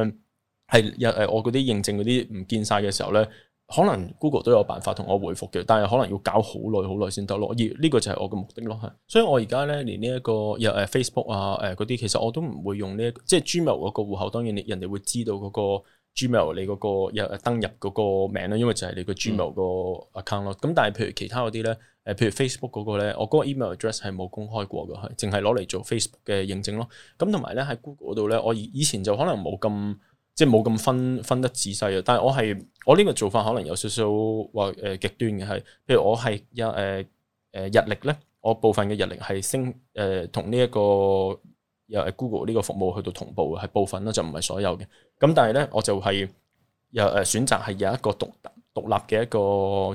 係誒我嗰啲認證嗰啲唔見晒嘅時候咧。可能 Google 都有辦法同我回覆嘅，但係可能要搞好耐好耐先得咯。而呢個就係我嘅目的咯，係。所以我而家咧，連呢、這、一個又 Facebook 啊誒嗰啲，其實我都唔會用呢、這個，即係 Gmail 嗰個戶口。當然你人哋會知道嗰個 Gmail 你嗰個登入嗰個名啦，因為就係你個 Gmail 個 account 咯。咁、嗯、但係譬如其他嗰啲咧，誒譬如 Facebook 嗰個咧，我嗰個 email address 係冇公開過嘅，係淨係攞嚟做 Facebook 嘅認證咯。咁、嗯、同埋咧喺 Google 度咧，我以前就可能冇咁。即係冇咁分分得仔細啊！但係我係我呢個做法可能有少少話誒極端嘅，係，譬如我係有誒誒、呃、日曆咧，我部分嘅日曆係升誒、呃、同呢、這、一個誒 Google 呢個服務去到同步嘅，係部分啦，就唔係所有嘅。咁但係咧，我就係有誒、呃、選擇係有一個獨獨立嘅一個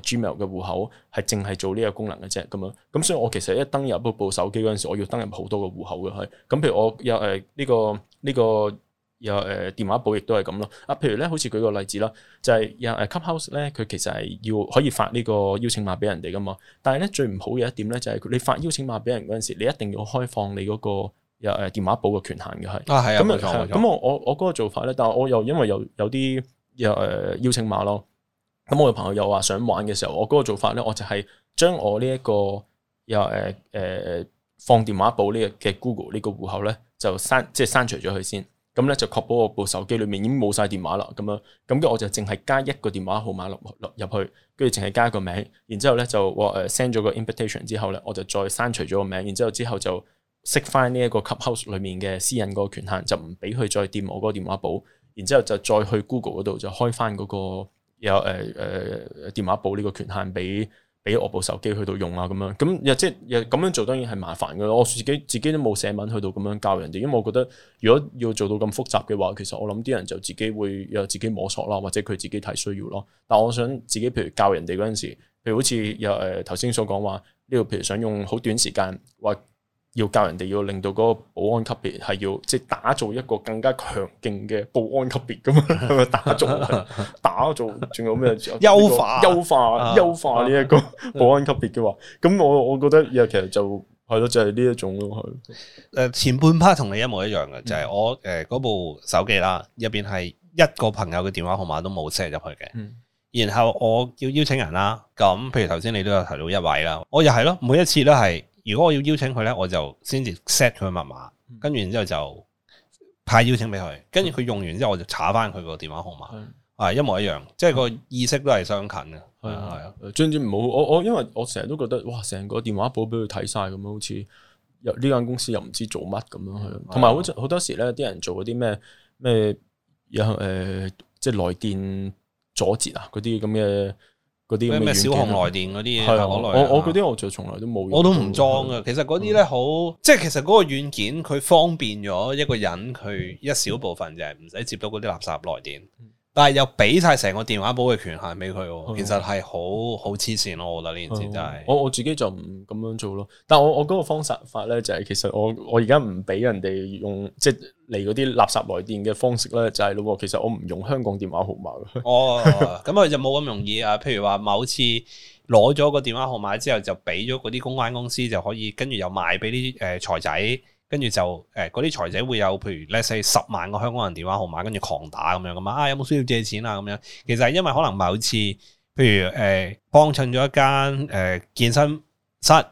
Gmail 嘅戶口，係淨係做呢個功能嘅啫。咁樣，咁所以我其實一登入一部手機嗰陣時，我要登入好多個戶口嘅係。咁譬如我有誒呢個呢個。這個這個有誒電話簿亦都係咁咯。啊，譬如咧，好似舉個例子啦，就係、是、有誒 Clubhouse 咧，佢其實係要可以發呢個邀請碼俾人哋㗎嘛。但係咧最唔好嘅一點咧，就係你發邀請碼俾人嗰陣時，你一定要開放你嗰個有誒電話簿嘅權限嘅係。咁咁、啊、我我我嗰個做法咧，但係我又因為有有啲有邀請碼咯。咁我嘅朋友又話想玩嘅時候，我嗰個做法咧，我就係將我呢、這、一個有誒誒、呃、放電話簿呢個嘅 Google 呢個戶口咧，就刪即係、就是、刪除咗佢先。咁咧、嗯、就確保我部手機裏面已經冇晒電話啦，咁啊，咁跟我就淨係加一個電話號碼落落入去，跟住淨係加一個名，然之後咧就我誒 send 咗個 invitation 之後咧，我就再刪除咗個名，然之後之後就熄翻呢一個 Clubhouse 裏面嘅私隱個權限，就唔俾佢再掂我嗰個電話簿，然之後就再去 Google 嗰度就開翻嗰個有誒誒、呃呃、電話簿呢個權限俾。俾我部手機去到用啊咁樣，咁又即係又咁樣做，當然係麻煩嘅咯。我自己自己都冇寫文去到咁樣教人哋，因為我覺得如果要做到咁複雜嘅話，其實我諗啲人就自己會有自己摸索啦，或者佢自己睇需要咯。但我想自己譬如教人哋嗰陣時，譬如好似有誒頭先所講話，呢個譬如想用好短時間或。要教人哋要令到嗰個保安級別係要即係、就係、打造一個更加強勁嘅保安級別咁啊， 打造打造仲有咩 優化、呢個、優化、啊、優化呢一個保安級別嘅話，咁我我覺得又其實就係咯，就係呢一種咯，係誒前半 part 同你一模一樣嘅，嗯、就係我誒嗰、呃、部手機啦，入邊係一個朋友嘅電話號碼都冇 set 入去嘅，嗯、然後我要邀請人啦，咁譬如頭先你都有提到一位啦，我又係咯，每一次都係。如果我要邀請佢咧，我就先至 set 佢密碼，跟住然之後就派邀請俾佢，跟住佢用完之後，我就查翻佢個電話號碼，係、嗯、一模一樣，即係個意識都係相近嘅。係啊係啊，總之冇我我，因為我成日都覺得哇，成個電話簿俾佢睇曬咁，好似又呢間公司又唔知做乜咁樣。同埋好就好多時咧，啲人做嗰啲咩咩有誒，即係來電阻截啊嗰啲咁嘅。嗰啲咩小紅來電嗰啲嘢，我我我啲我就從來都冇、啊。我都唔裝㗎，其實嗰啲呢好，嗯、即係其實嗰個軟件佢方便咗一個人，佢一小部分就係唔使接到嗰啲垃圾來電。但係又俾晒成個電話簿嘅權限俾佢，哦、其實係好好黐線咯，我覺得呢件事真係、哦。我我自己就唔咁樣做咯。但係我我嗰個方式法咧，就係其實我我而家唔俾人哋用，即係嚟嗰啲垃圾來電嘅方式咧，就係咯。其實我唔用香港電話號碼哦，咁、哦、佢、哦、就冇咁容易啊。譬如話某次攞咗個電話號碼之後，就俾咗嗰啲公關公司就可以，跟住又賣俾啲誒財仔。跟住就誒嗰啲財仔會有，譬如咧四十萬個香港人電話號碼，跟住狂打咁樣咁啊！有冇需要借錢啊？咁樣其實係因為可能某次，譬如誒幫襯咗一間誒、呃、健身室，咁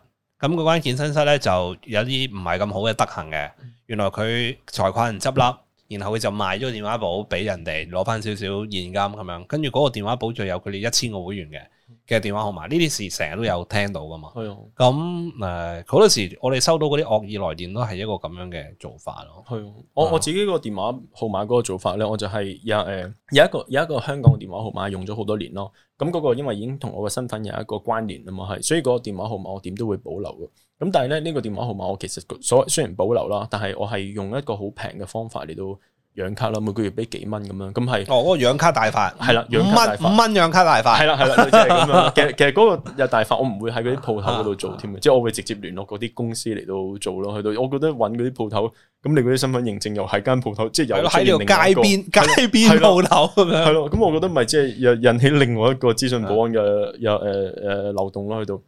嗰間健身室咧就有啲唔係咁好嘅德行嘅。原來佢財困執笠，然後佢就賣咗個電話簿俾人哋，攞翻少少現金咁樣。跟住嗰個電話簿就有佢哋一千個會員嘅嘅電話號碼，呢啲事成日都有聽到噶嘛，係，咁誒，好多時我哋收到嗰啲惡意來電都係一個咁樣嘅做法咯。係嘅，我我自己個電話號碼嗰個做法咧，我就係有誒有一個有一個香港嘅電話號碼用咗好多年咯。咁嗰個因為已經同我嘅身份有一個關聯啊嘛，係，所以個電話號碼我點都會保留嘅。咁但係咧，呢個電話號碼我其實所雖然保留啦，但係我係用一個好平嘅方法嚟到。養卡啦，每個月俾幾蚊咁樣，咁係哦，嗰個養卡大法係啦，五蚊五蚊養卡大法係啦係啦，即係咁樣。其實其實嗰個大法，我唔會喺嗰啲鋪頭嗰度做添嘅，即係我會直接聯絡嗰啲公司嚟到做咯。去到我覺得揾嗰啲鋪頭，咁你嗰啲身份認證又係間鋪頭，的即係有喺個街邊街邊鋪頭咁樣。係咯，咁 我覺得咪即係又引起另外一個資訊保安嘅又誒誒漏洞咯，去到。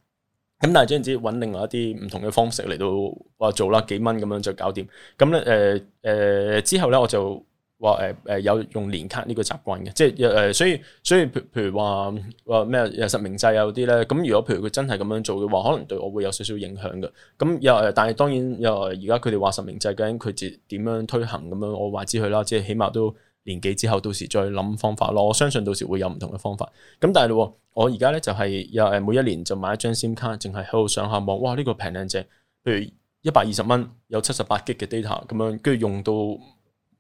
咁但係之唔止揾另外一啲唔同嘅方式嚟到話做啦，幾蚊咁樣就搞掂。咁咧誒誒之後咧我就話誒誒有用年卡呢個習慣嘅，即係誒、呃、所以所以譬，譬如話話咩實名制有啲咧，咁如果譬如佢真係咁樣做嘅話，可能對我會有少少影響嘅。咁又但係當然又而家佢哋話實名制究竟佢哋點樣推行咁樣，我話知佢啦，即係起碼都。年幾之後，到時再諗方法咯。我相信到時會有唔同嘅方法。咁但係咯，我而家咧就係又誒，每一年就買一張 SIM 卡，淨係喺度上下網。哇，呢個平靚正，譬如一百二十蚊，有七十八 G 嘅 data 咁樣，跟住用到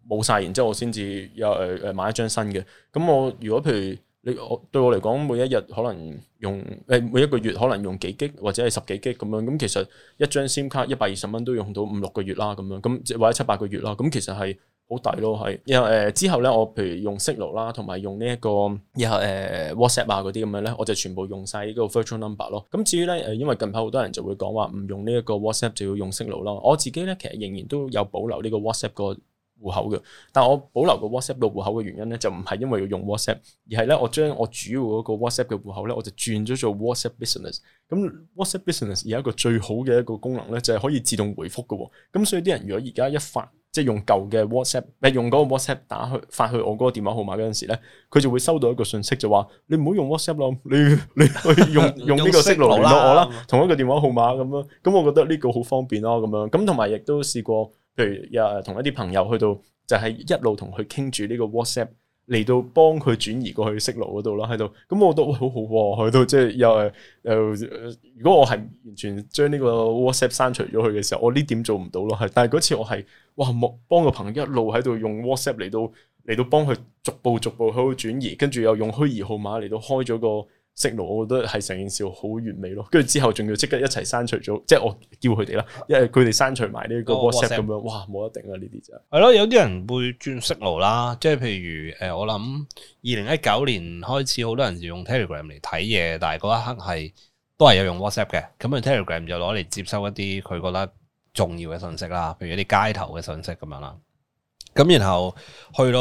冇晒，然之後我先至又誒誒買一張新嘅。咁我如果譬如你我對我嚟講，每一日可能用誒，每一個月可能用幾 G 或者係十幾 G 咁樣。咁其實一張 SIM 卡一百二十蚊都用到五六個月啦，咁樣咁或者七八個月啦。咁其實係。好抵咯，係，然後誒之後咧，我譬如用 Signal 啦，同埋用呢、這、一個，然後誒 WhatsApp 啊嗰啲咁樣咧，我就全部用晒呢個 virtual number 咯。咁至於咧誒、呃，因為近排好多人就會講話唔用呢一個 WhatsApp 就要用 Signal 啦。我自己咧其實仍然都有保留呢個 WhatsApp 個戶口嘅，但我保留個 WhatsApp 個戶口嘅原因咧，就唔係因為要用 WhatsApp，而係咧我將我主要嗰個 WhatsApp 嘅戶口咧，我就轉咗做 WhatsApp business。咁 WhatsApp business 有一個最好嘅一個功能咧，就係、是、可以自動回覆嘅、哦。咁所以啲人如果而家一發即係用舊嘅 WhatsApp，唔用嗰個 WhatsApp 打去發去我嗰個電話號碼嗰陣時咧，佢就會收到一個訊息就話你唔好用 WhatsApp 咯，你用你，你，你用用呢個息流聯絡我啦， 谷同一個電話號碼咁樣。咁我覺得呢個好方便啦、啊，咁樣咁同埋亦都試過。譬如啊，同一啲朋友去到就係、是、一路同佢傾住呢個 WhatsApp 嚟到幫佢轉移過去 Signal 嗰度啦。喺度咁我都好好喎，喺度即係又誒，如果我係完全將呢個 WhatsApp 刪除咗佢嘅時候，我呢點做唔到咯，係但係嗰次我係哇，幫個朋友一路喺度用 WhatsApp 嚟到嚟到幫佢逐步逐步喺度轉移，跟住又用虛擬號碼嚟到開咗個。息怒，Signal，我覺得係成件事好完美咯。跟住之後，仲要即刻一齊刪除咗，即係我叫佢哋啦，因為佢哋刪除埋呢一個 WhatsApp 咁 Wh 樣，哇冇得頂啊！呢啲就係咯，有啲人會轉息怒啦，Signal，即係譬如誒，我諗二零一九年開始，好多人用 Telegram 嚟睇嘢，但係嗰一刻係都係有用 WhatsApp 嘅，咁樣 Telegram 就攞嚟接收一啲佢覺得重要嘅信息啦，譬如一啲街頭嘅信息咁樣啦。咁然後去到誒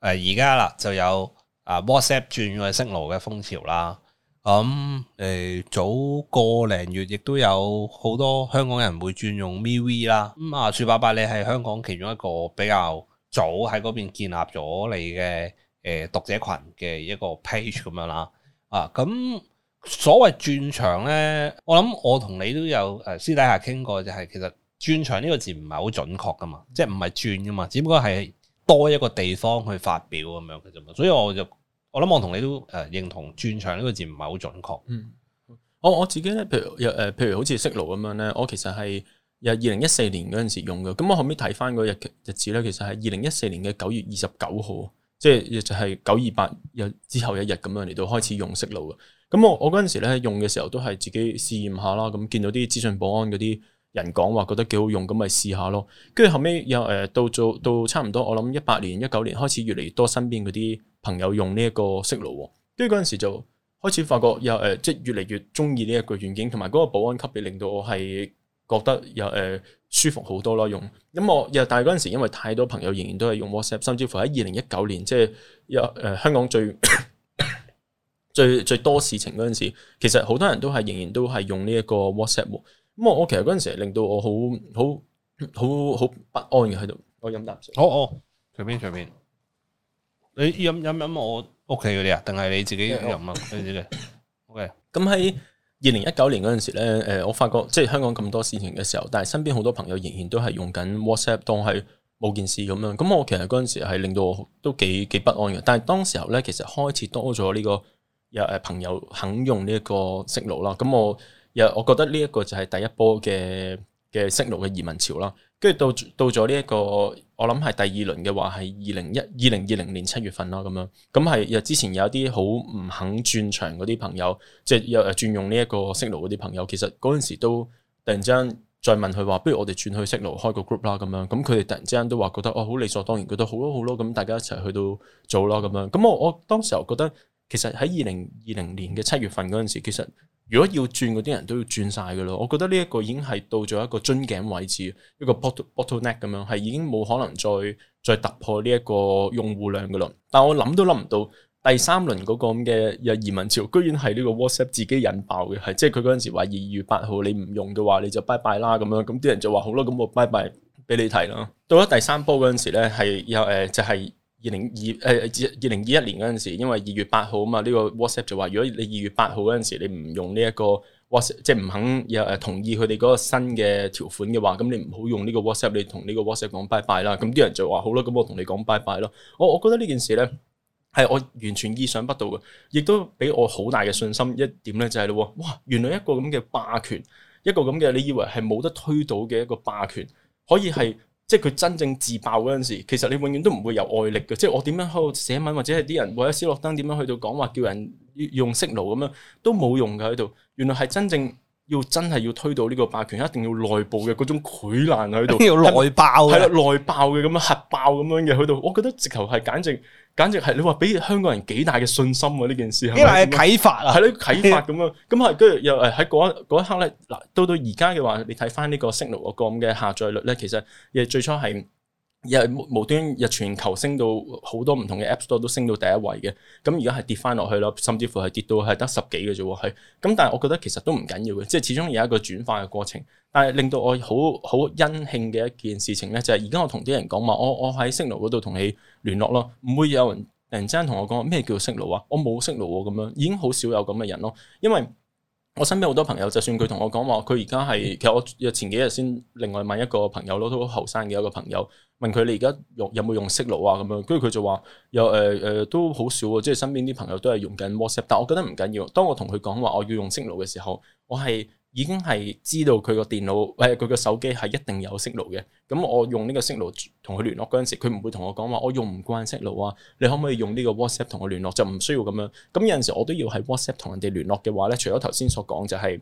而家啦，就有。啊 WhatsApp 轉嘅星怒嘅風潮啦，咁、嗯、誒、呃、早個零月亦都有好多香港人會轉用 m e c h、嗯、啦。咁啊，樹爸爸你係香港其中一個比較早喺嗰邊建立咗你嘅誒、呃、讀者群嘅一個 page 咁樣啦。啊，咁、嗯、所謂轉場咧，我諗我同你都有誒私底下傾過，就係其實轉場呢個字唔係好準確噶嘛，嗯、即係唔係轉噶嘛，只不過係多一個地方去發表咁樣嘅啫嘛，所以我就。我諗我同你都誒認同轉場呢個字唔係好準確。嗯，我我自己咧，譬如誒，譬如好似 Signal 咁樣咧，我其實係由二零一四年嗰陣時用嘅。咁我後尾睇翻嗰日日子咧，其實係二零一四年嘅九月二十九號，即係亦就係九二八日之後一日咁樣嚟到開始用 Signal 嘅。咁我我嗰陣時咧用嘅時候都係自己試驗下啦，咁見到啲資訊保安嗰啲。人講話覺得幾好用咁咪試下咯，跟住後尾又誒、呃、到做到差唔多，我諗一八年一九年開始越嚟越多身邊嗰啲朋友用呢一個 Signal，跟住嗰陣時就開始發覺又誒、呃、即係越嚟越中意呢一個軟件，同埋嗰個保安級別令到我係覺得又誒、呃、舒服好多咯用。咁我又但係嗰陣時因為太多朋友仍然都係用 WhatsApp，甚至乎喺二零一九年即係有誒香港最 最最多事情嗰陣時，其實好多人都係仍然都係用呢一個 WhatsApp。咁我其實嗰陣時係令到我好好好好不安嘅喺度。我飲啖水。哦哦，隨便隨便。你飲飲飲我屋企嗰啲啊，定係你自己飲啊？跟住咧，OK。咁喺二零一九年嗰陣時咧，誒，我發覺即係香港咁多事情嘅時候，但係身邊好多朋友仍然都係用緊 WhatsApp 當係冇件事咁樣。咁我其實嗰陣時係令到我都幾幾不安嘅。但係當時候咧，其實開始多咗呢、這個有誒朋友肯用呢一個 Signal 啦。咁我。我覺得呢一個就係第一波嘅嘅 Signal 嘅移民潮啦。跟住到到咗呢一個，我諗係第二輪嘅話，係二零一二零二零年七月份啦。咁樣，咁係之前有啲好唔肯轉場嗰啲朋友，即係又轉用呢一個 Signal 嗰啲朋友，其實嗰陣時都突然之間再問佢話，不如我哋轉去 Signal 開個 group 啦咁樣。咁佢哋突然之間都話覺得哦，好理所當然，覺得好咯好咯，咁大家一齊去到做咯咁樣。咁我我當時又覺得，其實喺二零二零年嘅七月份嗰陣時，其實。如果要轉嗰啲人都要轉晒嘅咯，我覺得呢一個已經係到咗一個樽頸位置，一個 bottle bottleneck 咁樣，係已經冇可能再再突破呢一個用戶量嘅咯。但係我諗都諗唔到第三輪嗰個咁嘅移民潮，居然係呢個 WhatsApp 自己引爆嘅，係即係佢嗰陣時話二月八號你唔用嘅話你就拜拜啦咁樣，咁啲人就話好啦，咁我拜拜俾你睇啦。到咗第三波嗰陣時咧，係有誒就係、是。二零二誒二零二一年嗰陣時，因為二月八號嘛，呢個 WhatsApp 就話，如果你二月八號嗰陣時你唔用呢一個 WhatsApp，即係唔肯有同意佢哋嗰個新嘅條款嘅話，咁你唔好用呢個 WhatsApp，你同呢個 WhatsApp 講 bye bye 啦。咁啲人就話好啦，咁我同你講 bye bye 咯。我我覺得呢件事咧係我完全意想不到嘅，亦都俾我好大嘅信心。一點咧就係咯，哇！原來一個咁嘅霸權，一個咁嘅，你以為係冇得推倒嘅一個霸權，可以係。即係佢真正自爆嗰陣時，其實你永遠都唔會有外力嘅。即係我點樣喺度寫文，或者係啲人或者斯諾登點樣去到講話叫人用 Signal 咁樣，都冇用噶喺度。原來係真正。要真係要推到呢個霸權，一定要內部嘅嗰種潰爛喺度，要 內爆的，係啦 內爆嘅咁樣核爆咁樣嘅，喺度我覺得直頭係簡直簡直係你話俾香港人幾大嘅信心啊！呢件事係因為啟發啊，係咯啟發咁樣，咁係跟住又誒喺嗰一刻咧，嗱到到而家嘅話，你睇翻呢個 Signal 嗰個咁嘅下載率咧，其實亦最初係。又無，無端日全球升到好多唔同嘅 App Store 都升到第一位嘅，咁而家係跌翻落去啦，甚至乎係跌到係得十幾嘅啫喎，係咁。但係我覺得其實都唔緊要嘅，即係始終有一個轉化嘅過程。但係令到我好好欣慶嘅一件事情咧，就係而家我同啲人講話，我我喺 Signal 嗰度同你聯絡咯，唔會有人突然之間同我講咩叫做 Signal 啊，我冇 Signal 咁樣，已經好少有咁嘅人咯。因為我身邊好多朋友，就算佢同我講話，佢而家係。其實我前幾日先另外問一個朋友咯，都好後生嘅一個朋友。問佢你而家用有冇用 Signal 啊咁樣，跟住佢就話有誒誒都好少啊，即係身邊啲朋友都係用緊 WhatsApp，但我覺得唔緊要。當我同佢講話我要用 Signal 嘅時候，我係已經係知道佢個電腦誒佢個手機係一定有 Signal 嘅。咁我用呢個 Signal 同佢聯絡嗰陣時，佢唔會同我講話我用唔慣 Signal 啊，你可唔可以用呢個 WhatsApp 同我聯絡就唔需要咁樣。咁有陣時我都要喺 WhatsApp 同人哋聯絡嘅話咧，除咗頭先所講就係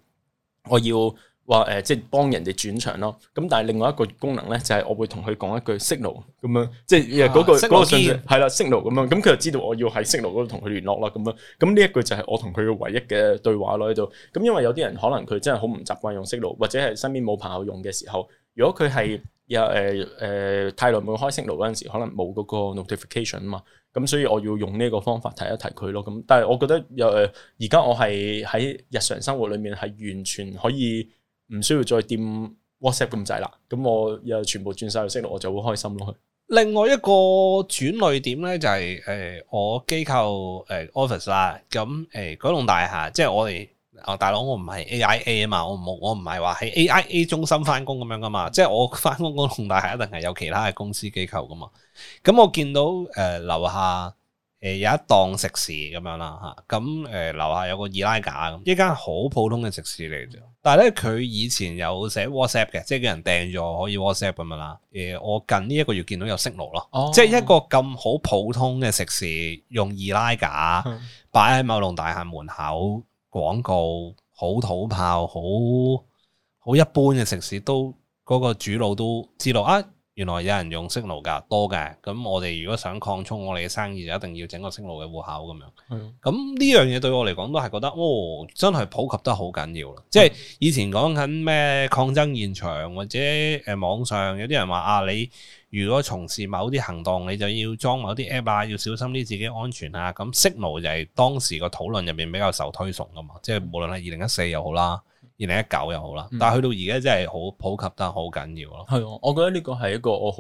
我要。話誒，即係幫人哋轉場咯。咁但係另外一個功能咧，就係我會同佢講一句 signal 咁樣，即係嗰、嗰個、啊嗯、個信息係啦 signal 咁樣。咁佢就知道我要喺 signal 嗰度同佢聯絡啦。咁樣咁呢一個就係我同佢嘅唯一嘅對話咯喺度。咁因為有啲人可能佢真係好唔習慣用 signal，或者係身邊冇朋友用嘅時候，如果佢係又誒誒太耐冇開 signal 嗰陣時，可能冇嗰個 notification 啊嘛。咁所以我要用呢個方法提一提佢咯。咁但係我覺得又誒，而、呃、家我係喺日常生活裏面係完全可以。唔需要再掂 WhatsApp 咁滯啦，咁我又全部轉晒去息，我就會開心咯。另外一個轉類點咧，就係、是、誒、呃、我機構誒、呃、office 啦，咁誒嗰棟大廈，即係我哋啊、哦、大佬，我唔係 AIA 啊嘛，我冇我唔係話喺 AIA 中心翻工咁樣噶嘛，即係我翻工嗰棟大廈一定係有其他嘅公司機構噶嘛。咁我見到誒、呃、樓下誒、呃、有一檔食肆咁樣啦吓，咁、啊、誒、呃、樓下有個二奶架，咁一間好普通嘅食肆嚟啫。嗯但係咧，佢以前有寫 WhatsApp 嘅，即係叫人訂咗可以 WhatsApp 咁樣啦。誒、呃，我近呢一個月見到有 Signal 咯，即係一個咁好普通嘅食肆，用二拉架、嗯、擺喺某棟大廈門口廣告，好土炮，好好一般嘅食肆都嗰、那個主腦都知道啊。原來有人用 Signal 噶多嘅。咁我哋如果想擴充我哋嘅生意，就一定要整個 Signal 嘅戶口咁的樣。咁呢樣嘢對我嚟講都係覺得，哦，真係普及得好緊要，即係以前講緊咩抗爭現場或者誒網上有啲人話啊，你如果從事某啲行動，你就要裝某啲 app 啊，要小心啲自己安全啊。咁 Signal 就係當時個討論入面比較受推崇噶嘛。即係無論係二零一四又好啦。二零一九又好啦，嗯、但係去到而家真係好普及得好緊要咯。係我覺得呢個係一個我好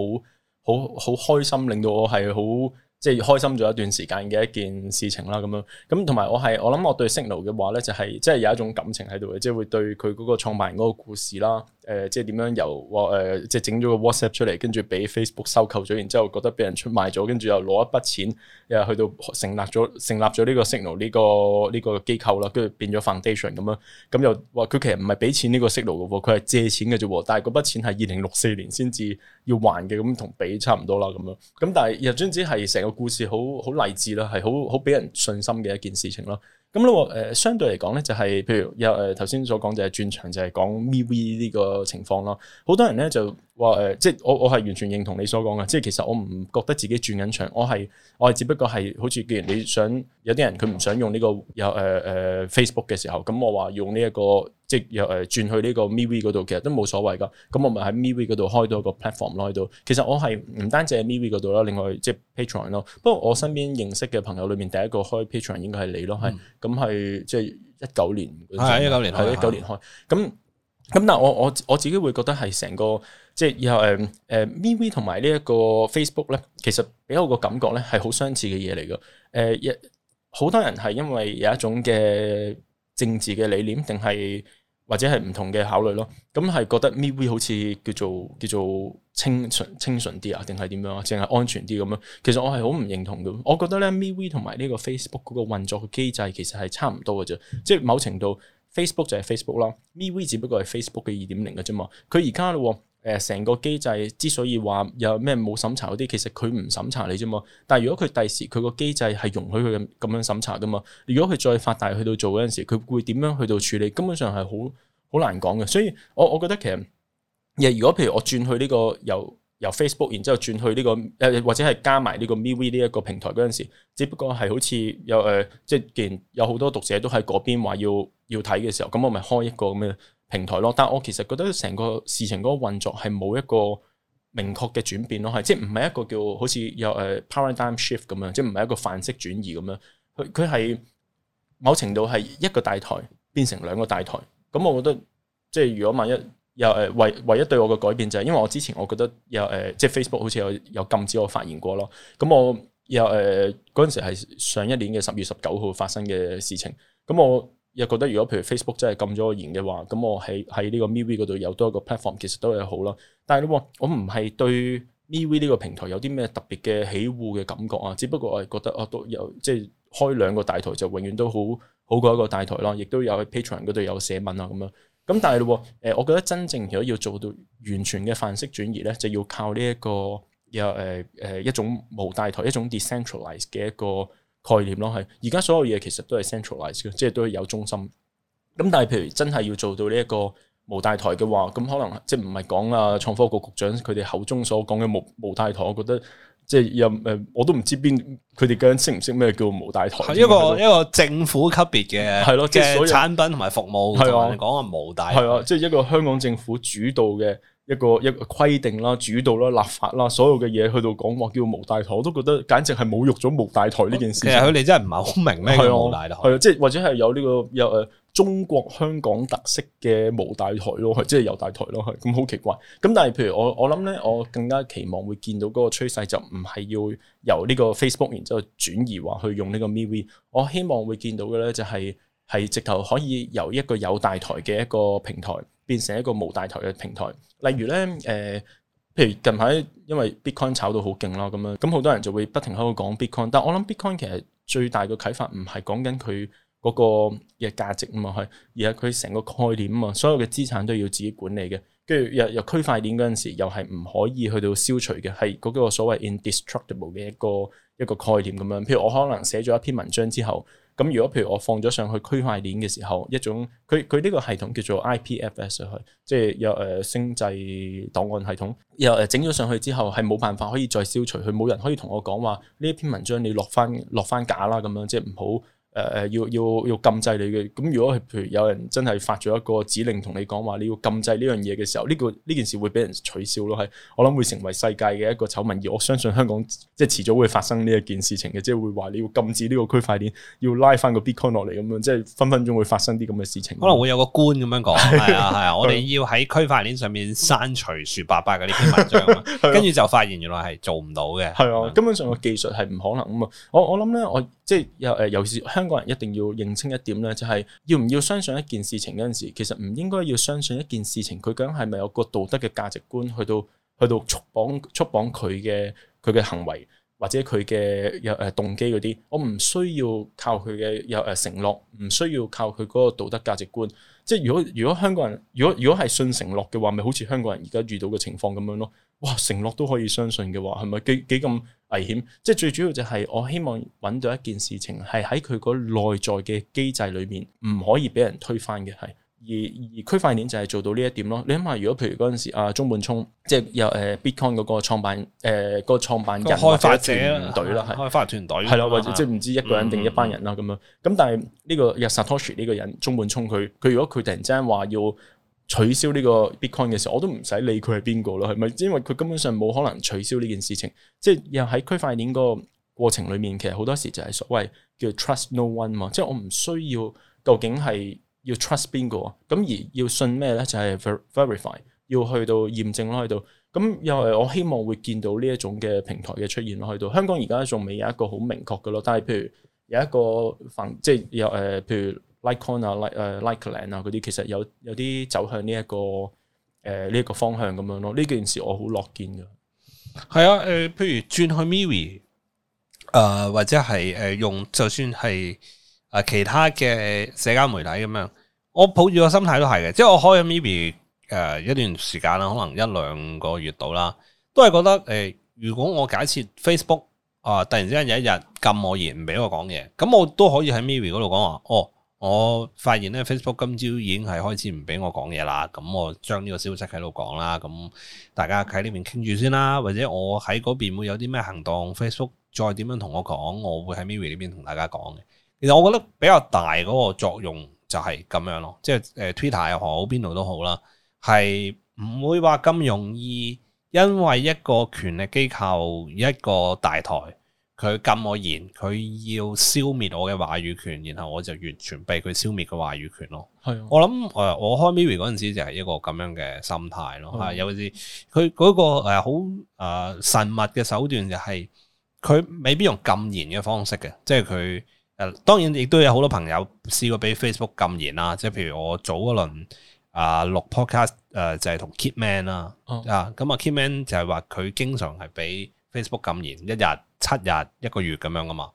好好開心，令到我係好即係開心咗一段時間嘅一件事情啦。咁樣咁同埋我係我諗我對 Signal 嘅話咧、就是，就係即係有一種感情喺度嘅，即係會對佢嗰個創辦人嗰個故事啦。誒、呃、即係點樣由話、呃、即係整咗個 WhatsApp 出嚟，跟住俾 Facebook 收購咗，然之後覺得俾人出賣咗，跟住又攞一筆錢，又去到成立咗成立咗呢個 Signal 呢、呢個呢、呢個機構啦、嗯，跟住變咗 foundation 咁樣，咁又話佢其實唔係俾錢呢個 Signal 嘅，佢係借錢嘅啫，但係嗰筆錢係二零六四年先至要還嘅，咁同俾差唔多啦，咁樣咁但係又總之係成個故事好好勵志啦，係好好俾人信心嘅一件事情咯。咁咯，誒、呃、相對嚟講咧，就係、是、譬如有誒頭先所講就係轉場，就係講 MV 呢個情況咯，好多人咧就。話誒，即係我我係完全認同你所講嘅，即係其實我唔覺得自己轉緊場，我係我係只不過係好似既然你想有啲人佢唔想用呢個有誒誒 Facebook 嘅時候，咁我話用呢一個即係有誒轉去呢個 MeWe 嗰度，其實都冇所謂噶。咁我咪喺 MeWe 嗰度開到一個 platform 咯，喺度。其實我係唔單止喺 MeWe 嗰度啦，另外即係 Patreon 咯。不過我身邊認識嘅朋友裏面，第一個開 Patreon 應該係你咯，係咁係即係一九年。係一九年，係一九年開。咁咁，但我我我自己會覺得係成個。即係以後誒誒，MeWe 同埋呢一個 Facebook 咧，其實俾我個感覺咧係好相似嘅嘢嚟嘅。誒、呃，好多人係因為有一種嘅政治嘅理念，定係或者係唔同嘅考慮咯。咁係覺得 MeWe 好似叫做叫做清純清純啲啊，定係點樣啊，淨係安全啲咁樣。其實我係好唔認同嘅。我覺得咧 MeWe 同埋呢個 Facebook 嗰個運作嘅機制其實係差唔多嘅啫。嗯、即係某程度 Facebook 就係 Facebook 啦 MeWe 只不過係 Facebook 嘅二點零嘅啫嘛。佢而家嘞。誒，成個機制之所以話有咩冇審查嗰啲，其實佢唔審查你啫嘛。但係如果佢第時佢個機制係容許佢咁咁樣審查噶嘛。如果佢再發大去到做嗰陣時，佢會點樣去到處理？根本上係好好難講嘅。所以，我我覺得其實，如果譬如我轉去呢個由由 Facebook，然之後轉去呢個誒或者係加埋呢個 MeWe 呢一個平台嗰陣時，只不過係好似有誒、呃，即係既然有好多讀者都喺嗰邊話要要睇嘅時候，咁我咪開一個咁嘅。平台咯，但我其實覺得成個事情嗰個運作係冇一個明確嘅轉變咯，係即係唔係一個叫好似有誒、uh, paradigm shift 咁啊，即係唔係一個範式轉移咁樣，佢佢係某程度係一個大台變成兩個大台，咁我覺得即係如果萬一又誒、uh, 唯唯一對我嘅改變就係、是，因為我之前我覺得有誒、uh, 即係 Facebook 好似有有禁止我發言過咯，咁我又誒嗰陣時係上一年嘅十月十九號發生嘅事情，咁我。又覺得如果譬如 Facebook 真係禁咗個言嘅話，咁我喺喺呢個 MeWe 嗰度有多一個 platform，其實都係好咯。但係咧，我唔係對 MeWe 呢個平台有啲咩特別嘅喜惡嘅感覺啊。只不過係覺得哦，都有即係、就是、開兩個大台就永遠都好好過一個大台啦。亦都有喺 Patreon 嗰度有寫文啊咁樣。咁但係咧，誒，我覺得真正如果要做到完全嘅範式轉移咧，就要靠呢、這、一個有誒誒、呃、一種無大台、一種 decentralized 嘅一個。概念咯，係而家所有嘢，其實都係 centralized 嘅，即係都係有中心。咁但係譬如真係要做到呢一個無大台嘅話，咁可能即係唔係講啊創科局局長佢哋口中所講嘅無無大台，我覺得即係又誒，我都唔知邊佢哋究竟識唔識咩叫無大台。係一個一個政府級別嘅係咯嘅產品同埋服務，係啊講啊無大台啊，即係一個香港政府主導嘅。一個一個規定啦、主導啦、立法啦，所有嘅嘢去到講話叫無大台，我都覺得簡直係侮辱咗無大台呢件事。其實佢哋真係唔係好明咩？係啊，係啊，即係或者係有呢個有誒、呃、中國香港特色嘅無大台咯，即係有大台咯，係咁好奇怪。咁但係譬如我我諗咧，我更加期望會見到嗰個趨勢就唔係要由呢個 Facebook 然之後轉移話去用呢個 MeWe。我希望會見到嘅咧就係、是。係直頭可以由一個有大台嘅一個平台變成一個無大台嘅平台。例如咧，誒、呃，譬如近排因為 Bitcoin 炒到好勁啦，咁樣咁好多人就會不停喺度講 Bitcoin。但我諗 Bitcoin 其實最大嘅啟發唔係講緊佢嗰個嘅價值啊嘛，係而係佢成個概念啊嘛。所有嘅資產都要自己管理嘅。跟住又入區塊鏈嗰陣時，又係唔可以去到消除嘅，係嗰個所謂 indestructible 嘅一個一個概念咁樣。譬如我可能寫咗一篇文章之後。咁如果譬如我放咗上去區塊鏈嘅時候，一種佢佢呢個系統叫做 IPFS 上去，即係有誒星際檔案系統，又誒整咗上去之後，係冇辦法可以再消除佢，冇人可以同我講話呢一篇文章你落翻落翻架啦，咁樣即係唔好。誒誒，要要要禁制你嘅，咁如果譬如有人真係發咗一個指令同你講話，你要禁制呢樣嘢嘅時候，呢個呢件事會俾人取消咯。係我諗會成為世界嘅一個醜聞，而我相信香港即係遲早會發生呢一件事情嘅，即係會話你要禁止呢個區塊鏈，要拉翻個 Bitcoin 落嚟咁樣，即係分分鐘會發生啲咁嘅事情。可能會有個官咁樣講，係啊係啊，我哋要喺區塊鏈上面刪除薯伯伯嗰啲文章，跟住就發現原來係做唔到嘅。係啊，根本上個技術係唔可能咁啊，我我諗咧我。即係又誒，尤其是香港人一定要認清一點咧，就係要唔要相信一件事情嗰陣時，其實唔應該要相信一件事情，佢究竟係咪有個道德嘅價值觀去到去到束綁束綁佢嘅佢嘅行為或者佢嘅有誒動機嗰啲？我唔需要靠佢嘅有誒承諾，唔需要靠佢嗰個道德價值觀。即係如果如果香港人如果如果係信承諾嘅話，咪好似香港人而家遇到嘅情況咁樣咯。哇！承諾都可以相信嘅話，係咪幾幾咁危險？即係最主要就係我希望揾到一件事情，係喺佢個內在嘅機制裏面，唔可以俾人推翻嘅係。而而區塊鏈就係做到呢一點咯。你諗下，如果譬如嗰陣時啊，中本聰，即係有誒 Bitcoin 嗰個創辦誒、呃那個創辦人開發者，者隊啦，係開發團隊，係咯，或者即係唔知一個人定一班人啦咁樣。咁、嗯嗯、但係呢個 Satoshi 呢個人，中本聰佢佢如果佢突然之間話要。取消呢個 Bitcoin 嘅時候，我都唔使理佢係邊個咯，係咪？因為佢根本上冇可能取消呢件事情。即係又喺區塊鏈個過程裡面，其實好多時就係所謂叫 trust no one 嘛，即係我唔需要究竟係要 trust 邊個，咁而要信咩咧？就係、是、verify，要去到驗證咯，喺度。咁又係我希望會見到呢一種嘅平台嘅出現咯，喺度。香港而家仲未有一個好明確嘅咯，但係譬如有一個即係有。誒、呃，譬如。LikeCoin 啊、Like 誒、LikeLand、uh, like 啊嗰啲，land，其實有有啲走向呢、這、一個誒呢一個方向咁樣咯。呢件事我好樂見嘅。係啊，誒、呃，譬如轉去 Miri、呃、或者係誒用，就算係啊其他嘅社交媒體咁樣，我抱住個心態都係嘅。即係我開咗 Miri、呃、一段時間啦，可能一兩個月到啦，都係覺得誒、呃，如果我假設 Facebook 啊、呃，突然之間有一日禁我而唔俾我講嘢，咁我都可以喺 Miri 嗰度講話，哦。我發現咧，Facebook 今朝已經係開始唔俾我講嘢啦。咁我將呢個消息喺度講啦。咁大家喺呢邊傾住先啦。或者我喺嗰邊會有啲咩行動，Facebook 再點樣同我講，我會喺 Miri 呢邊同大家講嘅。其實我覺得比較大嗰個作用就係咁樣咯。即係呃，Twitter 又好，邊度都好啦，係唔會話咁容易，因為一個權力機構一個大台。佢禁我言，佢要消滅我嘅話語權，然後我就完全被佢消滅嘅話語權咯。係的，我諗誒，我開 Miri 嗰陣時就係一個咁樣嘅心態咯。吓的，尤其是佢嗰個誒好誒神秘嘅手段就係，佢未必用禁言嘅方式嘅，即係佢誒，當然亦都有好多朋友試過俾 Facebook 禁言啦。即係譬如我早嗰輪啊錄 podcast 誒、呃、就係同 Keep Man 啦、哦、啊，咁啊 Keep Man 就係話佢經常係俾。Facebook 禁言一日、七日、一個月咁樣噶嘛？誒、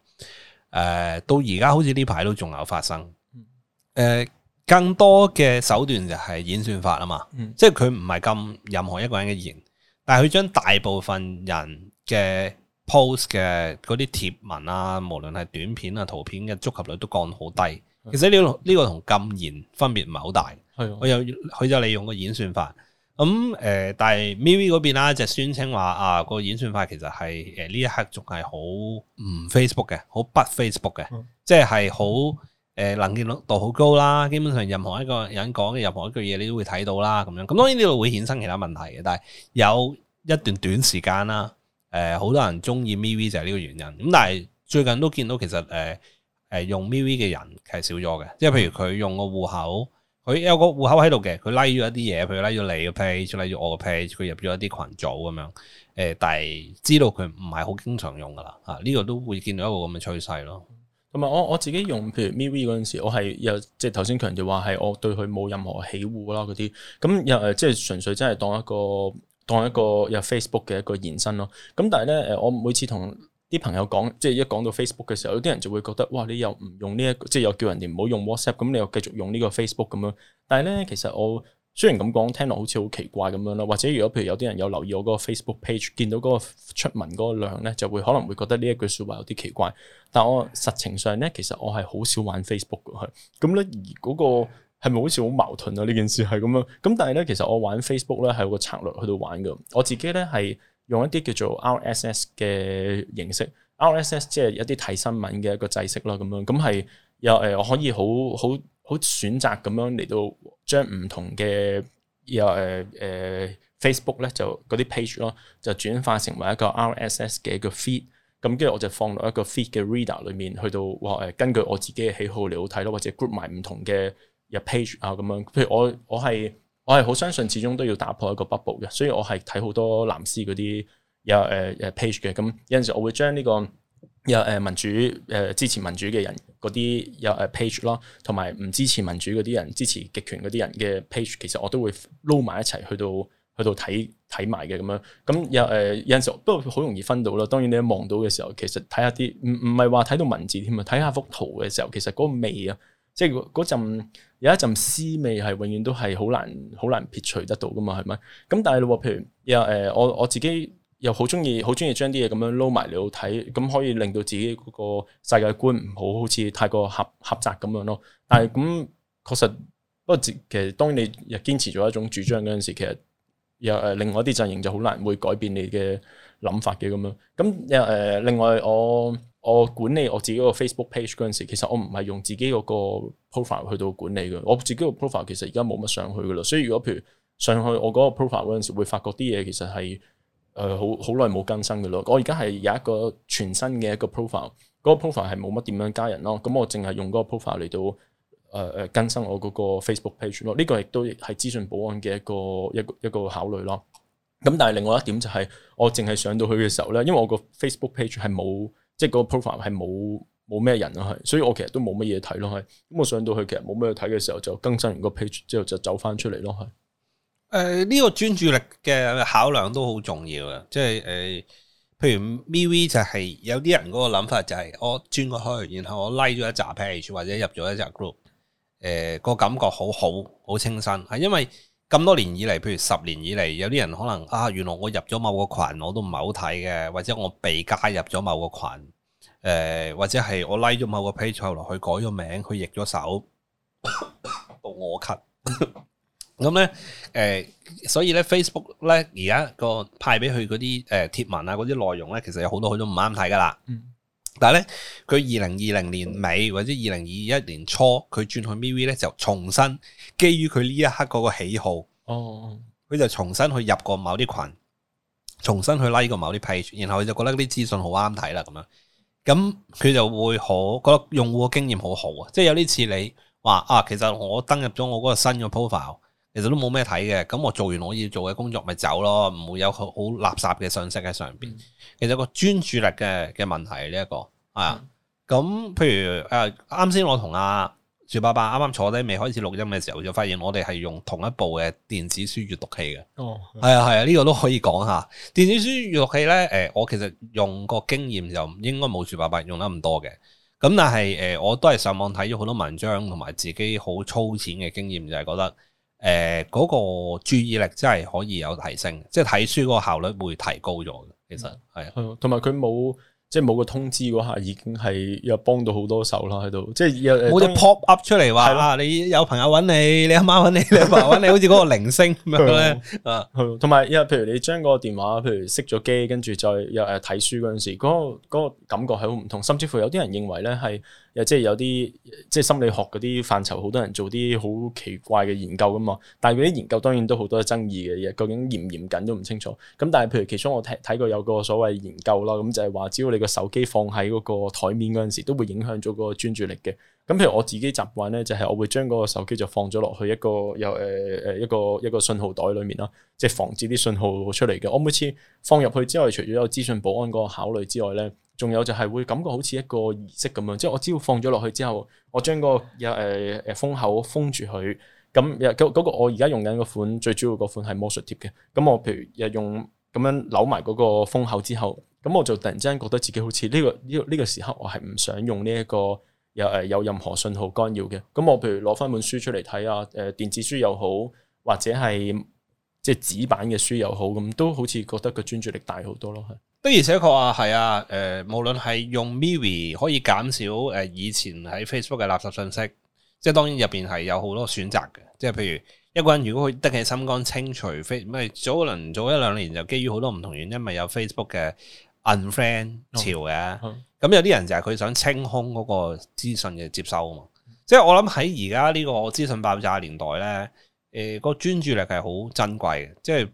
呃，到而家好似呢排都仲有發生。誒、呃，更多嘅手段就係演算法啦嘛，嗯、即係佢唔係禁任何一個人嘅言，但係佢將大部分人嘅 post 嘅嗰啲貼文啊，無論係短片啊、圖片嘅觸及率都降到好低。其實呢、這個呢、這個同禁言分別唔係好大，係佢佢就利用個演算法。咁誒、嗯，但係 MiV 嗰邊啦，就宣稱話啊，個演算法其實係誒呢一刻仲係好唔 Facebook 嘅，好不 Facebook 嘅，嗯、即係好誒能見度好高啦。基本上任何一個人講嘅任何一句嘢，你都會睇到啦咁樣。咁當然呢度會衍生其他問題嘅，但係有一段短時間啦，誒、呃、好多人中意 MiV 就係呢個原因。咁但係最近都見到其實誒誒、呃、用 MiV 嘅人係少咗嘅，即係譬如佢用個戶口。佢有個戶口喺度嘅，佢拉咗一啲嘢，佢拉咗你個 page，拉咗我個 page，佢入咗一啲群組咁樣。誒，但係知道佢唔係好經常用噶啦，嚇、啊、呢、這個都會見到一個咁嘅趨勢咯。同埋、嗯、我我自己用，譬如 miui 嗰時，我係有即係頭先強調話係我對佢冇任何喜惡啦嗰啲，咁又誒即係純粹真係當一個當一個有 Facebook 嘅一個延伸咯。咁但係咧誒，我每次同啲朋友講，即係一講到 Facebook 嘅時候，有啲人就會覺得，哇！你又唔用呢、這、一個，即係又叫人哋唔好用 WhatsApp，咁你又繼續用呢個 Facebook 咁樣。但係咧，其實我雖然咁講，聽落好似好奇怪咁樣咯。或者如果譬如有啲人有留意我個 Facebook page，見到嗰個出文嗰個量咧，就會可能會覺得呢一句説話有啲奇怪。但我實情上咧，其實我係好少玩 Facebook 嘅。咁咧，而嗰、那個係咪好似好矛盾啊？呢件事係咁樣。咁但係咧，其實我玩 Facebook 咧係有個策略去到玩嘅。我自己咧係。用一啲叫做 RSS 嘅形式，RSS 即係一啲睇新聞嘅一個制式咯，咁樣咁係又誒，我可以好好好選擇咁樣嚟到將唔同嘅又誒誒 Facebook 咧就嗰啲 page 咯，就轉化成為一個 RSS 嘅一個 feed，咁跟住我就放落一個 feed 嘅 reader 裏面，去到話誒、呃、根據我自己嘅喜好嚟好睇咯，或者 group 埋唔同嘅一 page 啊咁樣，譬如我我係。我係好相信，始終都要打破一個 bubble 嘅，所以我係睇好多藍絲嗰啲有誒誒、uh, page 嘅，咁有陣時我會將呢個有誒、uh, 民主誒、uh, 支持民主嘅人嗰啲有誒、uh, page 咯，同埋唔支持民主嗰啲人、支持極權嗰啲人嘅 page，其實我都會撈埋一齊去到去到睇睇埋嘅咁樣，咁有誒、uh, 有陣時不過好容易分到啦。當然你一望到嘅時候，其實睇下啲唔唔係話睇到文字添啊，睇下幅圖嘅時候，其實嗰個味啊～即係嗰嗰陣有一陣思味係永遠都係好難好難撇除得到噶嘛係咪？咁但係咧，譬如誒、呃，我我自己又好中意好中意將啲嘢咁樣撈埋嚟睇，咁可以令到自己嗰個世界觀唔好好似太過狹狹窄咁樣咯。但係咁確實不過，其實當你又堅持咗一種主張嗰陣時，其實又誒、呃，另外一啲陣營就好難會改變你嘅諗法嘅咁樣。咁誒、呃，另外我。我管理我自己個 Facebook page 陣時，其實我唔係用自己嗰個 profile 去到管理嘅。我自己個 profile 其實而家冇乜上去噶啦。所以如果譬如上去我嗰個 profile 陣時，會發覺啲嘢其實係誒，好好耐冇更新噶咯。我而家係有一個全新嘅一個 profile，嗰個 profile 係冇乜點樣加人咯。咁我淨係用嗰個 profile 嚟到，誒誒、呃、更新我嗰個 Facebook page 咯。呢個亦都係資訊保安嘅一個一個一個考慮咯。咁但係另外一點就係、是、我淨係上到去嘅時候咧，因為我個 Facebook page 係冇。即係個 profile 係冇冇咩人係，所以我其實都冇乜嘢睇咯係。咁我上到去其實冇咩睇嘅時候，就更新完個 page 之後就走翻出嚟咯係。誒呢個專注力嘅考量都好重要啊！即係誒、呃，譬如 v v 就係有啲人嗰個諗法就係，我轉過去，然後我拉、like、咗一紮 page 或者入咗一紮 group，誒個感覺好好好清新，係因為咁多年以嚟，譬如十年以嚟，有啲人可能啊，原來我入咗某個群我都唔係好睇嘅，或者我被加入咗某個群。誒、呃、或者係我拉、like、咗某個 page，後來佢改咗名，佢譯咗手 到我咳、咳。咁咧誒，所以咧 Facebook 咧而家個派俾佢嗰啲誒貼文啊，嗰啲內容咧，其實有好多好多唔啱睇噶啦。嗯、但係咧，佢二零二零年尾或者二零二一年初，佢轉去 m v 咧就重新基於佢呢一刻嗰個喜好。哦。佢就重新去入過某啲群，重新去拉、like、過某啲 page，然後佢就覺得啲資訊好啱睇啦，咁樣。咁佢就會好覺得用戶嘅經驗好好啊，即係有啲似你話啊，其實我登入咗我嗰個新嘅 profile，其實都冇咩睇嘅，咁我做完我要做嘅工作咪走咯，唔會有好好垃圾嘅信息喺上邊。其實個專注力嘅嘅問題呢一個啊，咁譬如誒啱先我同阿、啊。薯伯伯啱啱坐低未開始錄音嘅時候，就發現我哋係用同一部嘅電子書閱讀器嘅。哦，係啊係啊，呢個都可以講下。電子書閱讀器咧，誒，我其實用個經驗就應該冇薯伯伯用得咁多嘅。咁但係誒，我都係上網睇咗好多文章，同埋自己好粗淺嘅經驗就係覺得，誒，嗰個注意力真係可以有提升，即係睇書嗰個效率會提高咗嘅。其實係，同埋佢冇。嗯的即係冇個通知嗰下，已經係又幫到好多手啦喺度。即係有冇隻 pop up 出嚟話啊？你有朋友揾你，你阿媽揾你，你爸揾你，好似嗰個鈴聲咁樣咧。啊，同埋因為譬如你將個電話，譬如熄咗機，跟住再又誒睇書嗰陣時，嗰個嗰個感覺係好唔同。甚至乎有啲人認為咧係。又即係有啲即係心理學嗰啲範疇，好多人做啲好奇怪嘅研究㗎嘛。但係佢啲研究當然都好多爭議嘅嘢，究竟嚴唔嚴謹都唔清楚。咁但係譬如其中我睇睇過有個所謂研究啦，咁就係話只要你個手機放喺嗰個台面嗰陣時，都會影響咗個專注力嘅。咁譬如我自己習慣咧，就係，是，我會將嗰個手機就放咗落去一個又誒誒一個一個信號袋裏面啦，即係防止啲信號出嚟嘅。我每次放入去之外，除咗有資訊保安嗰個考慮之外咧，仲有就係會感覺好似一個儀式咁樣。即係我只要放咗落去之後，我將個有誒誒封口封住佢。咁又嗰個我而家用緊嗰款最主要嗰款係魔術貼嘅。咁我譬如又用咁樣扭埋嗰個封口之後，咁我就突然之間覺得自己好似呢，這個呢，這個呢，這個時刻，我係唔想用呢，這，一個。有誒有任何信號干擾嘅，咁我譬如攞翻本書出嚟睇啊，誒、呃、電子書又好，或者係即係紙版嘅書又好，咁都好似覺得個專注力大好多咯。係的而且確啊，係啊，誒無論係用 Miri 可以減少誒以前喺 Facebook 嘅垃圾信息，即係當然入邊係有好多選擇嘅，即係譬如一個人如果佢得起心肝清除 Facebook，除非咪早能早一兩年就基於好多唔同原因，咪有 Facebook 嘅。unfriend 潮嘅，咁有啲人就係佢想清空嗰個資訊嘅接收啊嘛，即係我諗喺而家呢個資訊爆炸年代咧，誒、呃那個專注力係好珍貴嘅，即係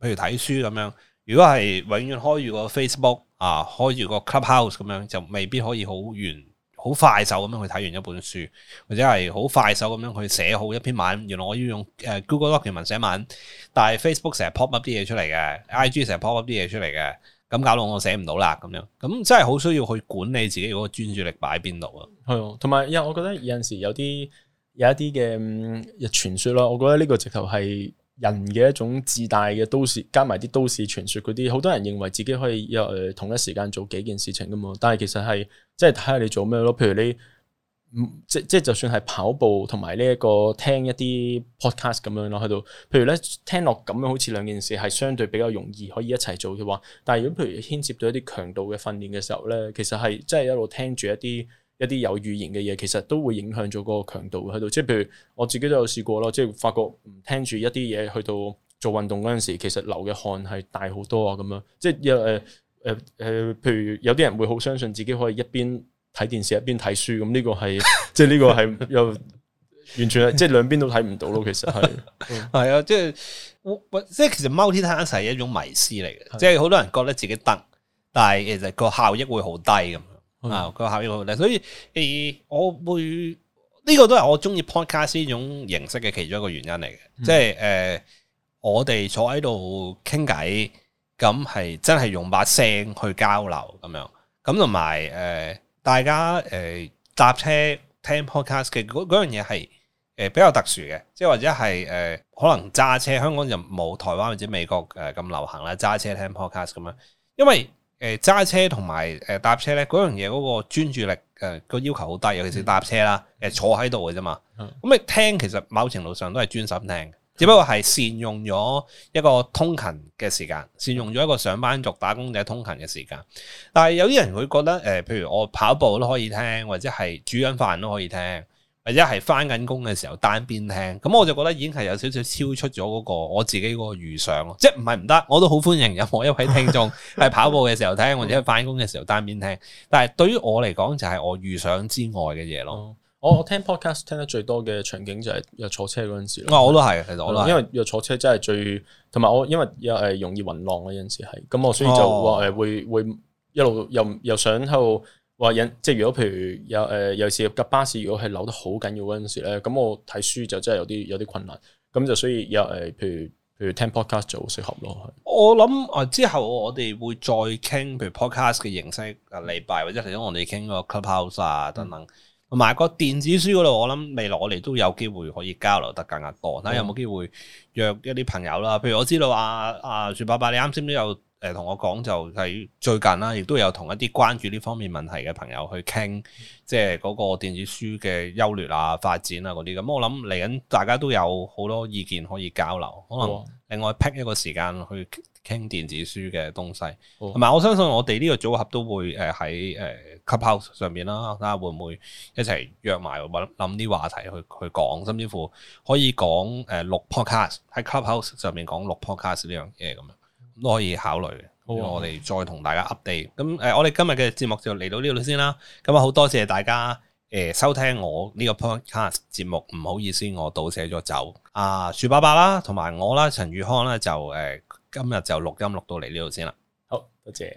譬如睇書咁樣，如果係永遠開住個 Facebook 啊，開住個 Clubhouse 咁樣，就未必可以好完好快手咁樣去睇完一本書，或者係好快手咁樣去寫好一篇文，原來我要用誒 Google Document 寫文，但係 Facebook 成日 pop up 啲嘢出嚟嘅，IG 成日 pop up 啲嘢出嚟嘅。咁搞到我寫唔到啦，咁樣，咁真係好需要去管理自己嗰個專注力擺喺邊度啊。係啊，同埋，因為我覺得有陣時有啲有一啲嘅傳說啦，我覺得呢個直頭係人嘅一種自大嘅都市，加埋啲都市傳說嗰啲，好多人認為自己可以有誒、呃、同一時間做幾件事情噶嘛，但係其實係即係睇下你做咩咯，譬如你。嗯，即即就算係跑步同埋呢一個聽一啲 podcast 咁樣咯，喺度，譬如咧聽落咁樣，好似兩件事係相對比較容易可以一齊做嘅話，但係如果譬如牽涉到一啲強度嘅訓練嘅時候咧，其實係即係一路聽住一啲一啲有語言嘅嘢，其實都會影響咗嗰個強度喺度。即係譬如我自己都有試過咯，即係發覺唔聽住一啲嘢，去到做運動嗰陣時，其實流嘅汗係大好多啊咁樣。即係有誒誒、呃呃呃、譬如有啲人會好相信自己可以一邊睇電視一邊睇書，咁呢個係即係呢個係又完全係即係兩邊都睇唔到咯。其實係係啊，即係即係其實 multitask 係一種迷思嚟嘅，即係好多人覺得自己得，但係其實個效益會好低咁啊，個是的、嗯、效益好低。所以我會呢、這個都係我中意 podcast 呢種形式嘅其中一個原因嚟嘅，即係誒我哋坐喺度傾偈，咁係真係用把聲去交流咁樣，咁同埋誒。大家誒、呃、搭車聽 podcast 嘅嗰樣嘢係誒比較特殊嘅，即係或者係誒、呃、可能揸車，香港就冇台灣或者美國誒咁流行啦，揸車聽 podcast 咁樣，因為誒揸車同埋誒搭車咧嗰樣嘢嗰個專注力誒個要求好低，尤其是搭車啦，誒、嗯呃、坐喺度嘅啫嘛，咁、嗯嗯、你聽其實某程度上都係專心聽。只不過係善用咗一個通勤嘅時間，善用咗一個上班族打工者通勤嘅時間。但係有啲人會覺得，誒、呃，譬如我跑步都可以聽，或者係煮緊飯都可以聽，或者係翻緊工嘅時候單邊聽。咁我就覺得已經係有少少超出咗嗰個我自己嗰個預想咯。即係唔係唔得，我都好歡迎任何一位聽眾係跑步嘅時候聽，或者翻工嘅時候單邊聽。但係對於我嚟講，就係我預想之外嘅嘢咯。我我聽 podcast 聽得最多嘅場景就係又坐車嗰陣時，啊、哦，我都係，其咯，我都係，因為又坐車真係最，同埋我因為又係容易暈浪嗰陣時係，咁我所以就話誒會會一路又又想喺度話人，即係如果譬如有誒有時搭巴士如果係扭得好緊要嗰陣時咧，咁我睇書就真係有啲有啲困難，咁就所以又誒譬如譬如聽 podcast 就好適合咯。我諗啊之後我哋會再傾，譬如 podcast 嘅形式啊，禮拜或者其實我哋傾個 clubhouse 啊等等。嗯同埋個電子書嗰度，我諗未來我哋都有機會可以交流得更加多。睇下有冇機會約一啲朋友啦，譬如我知道阿薯伯伯，你啱先、呃啊、都有誒同我講，就係最近啦，亦都有同一啲關注呢方面問題嘅朋友去傾，即係嗰個電子書嘅優劣啊、發展啊嗰啲咁。我諗嚟緊大家都有好多意見可以交流，嗯、可能另外 pick 一個時間去，傾電子書嘅東西，同埋、哦、我相信我哋呢個組合都會誒喺誒 Clubhouse 上面啦，睇下會唔會一齊約埋，諗諗啲話題去去講，甚至乎可以講誒錄 podcast 喺 Clubhouse 上面講錄 podcast 呢樣嘢咁樣，都可以考慮。哦、我哋再同大家 update。咁誒、哦，我哋今日嘅節目就嚟到呢度先啦。咁啊，好多謝大家誒、呃、收聽我呢個 podcast 節目。唔好意思，我倒寫咗走啊，薯伯伯啦，同埋我啦，陳宇康啦，就誒。呃今日就錄音錄到嚟呢度先啦，好多謝。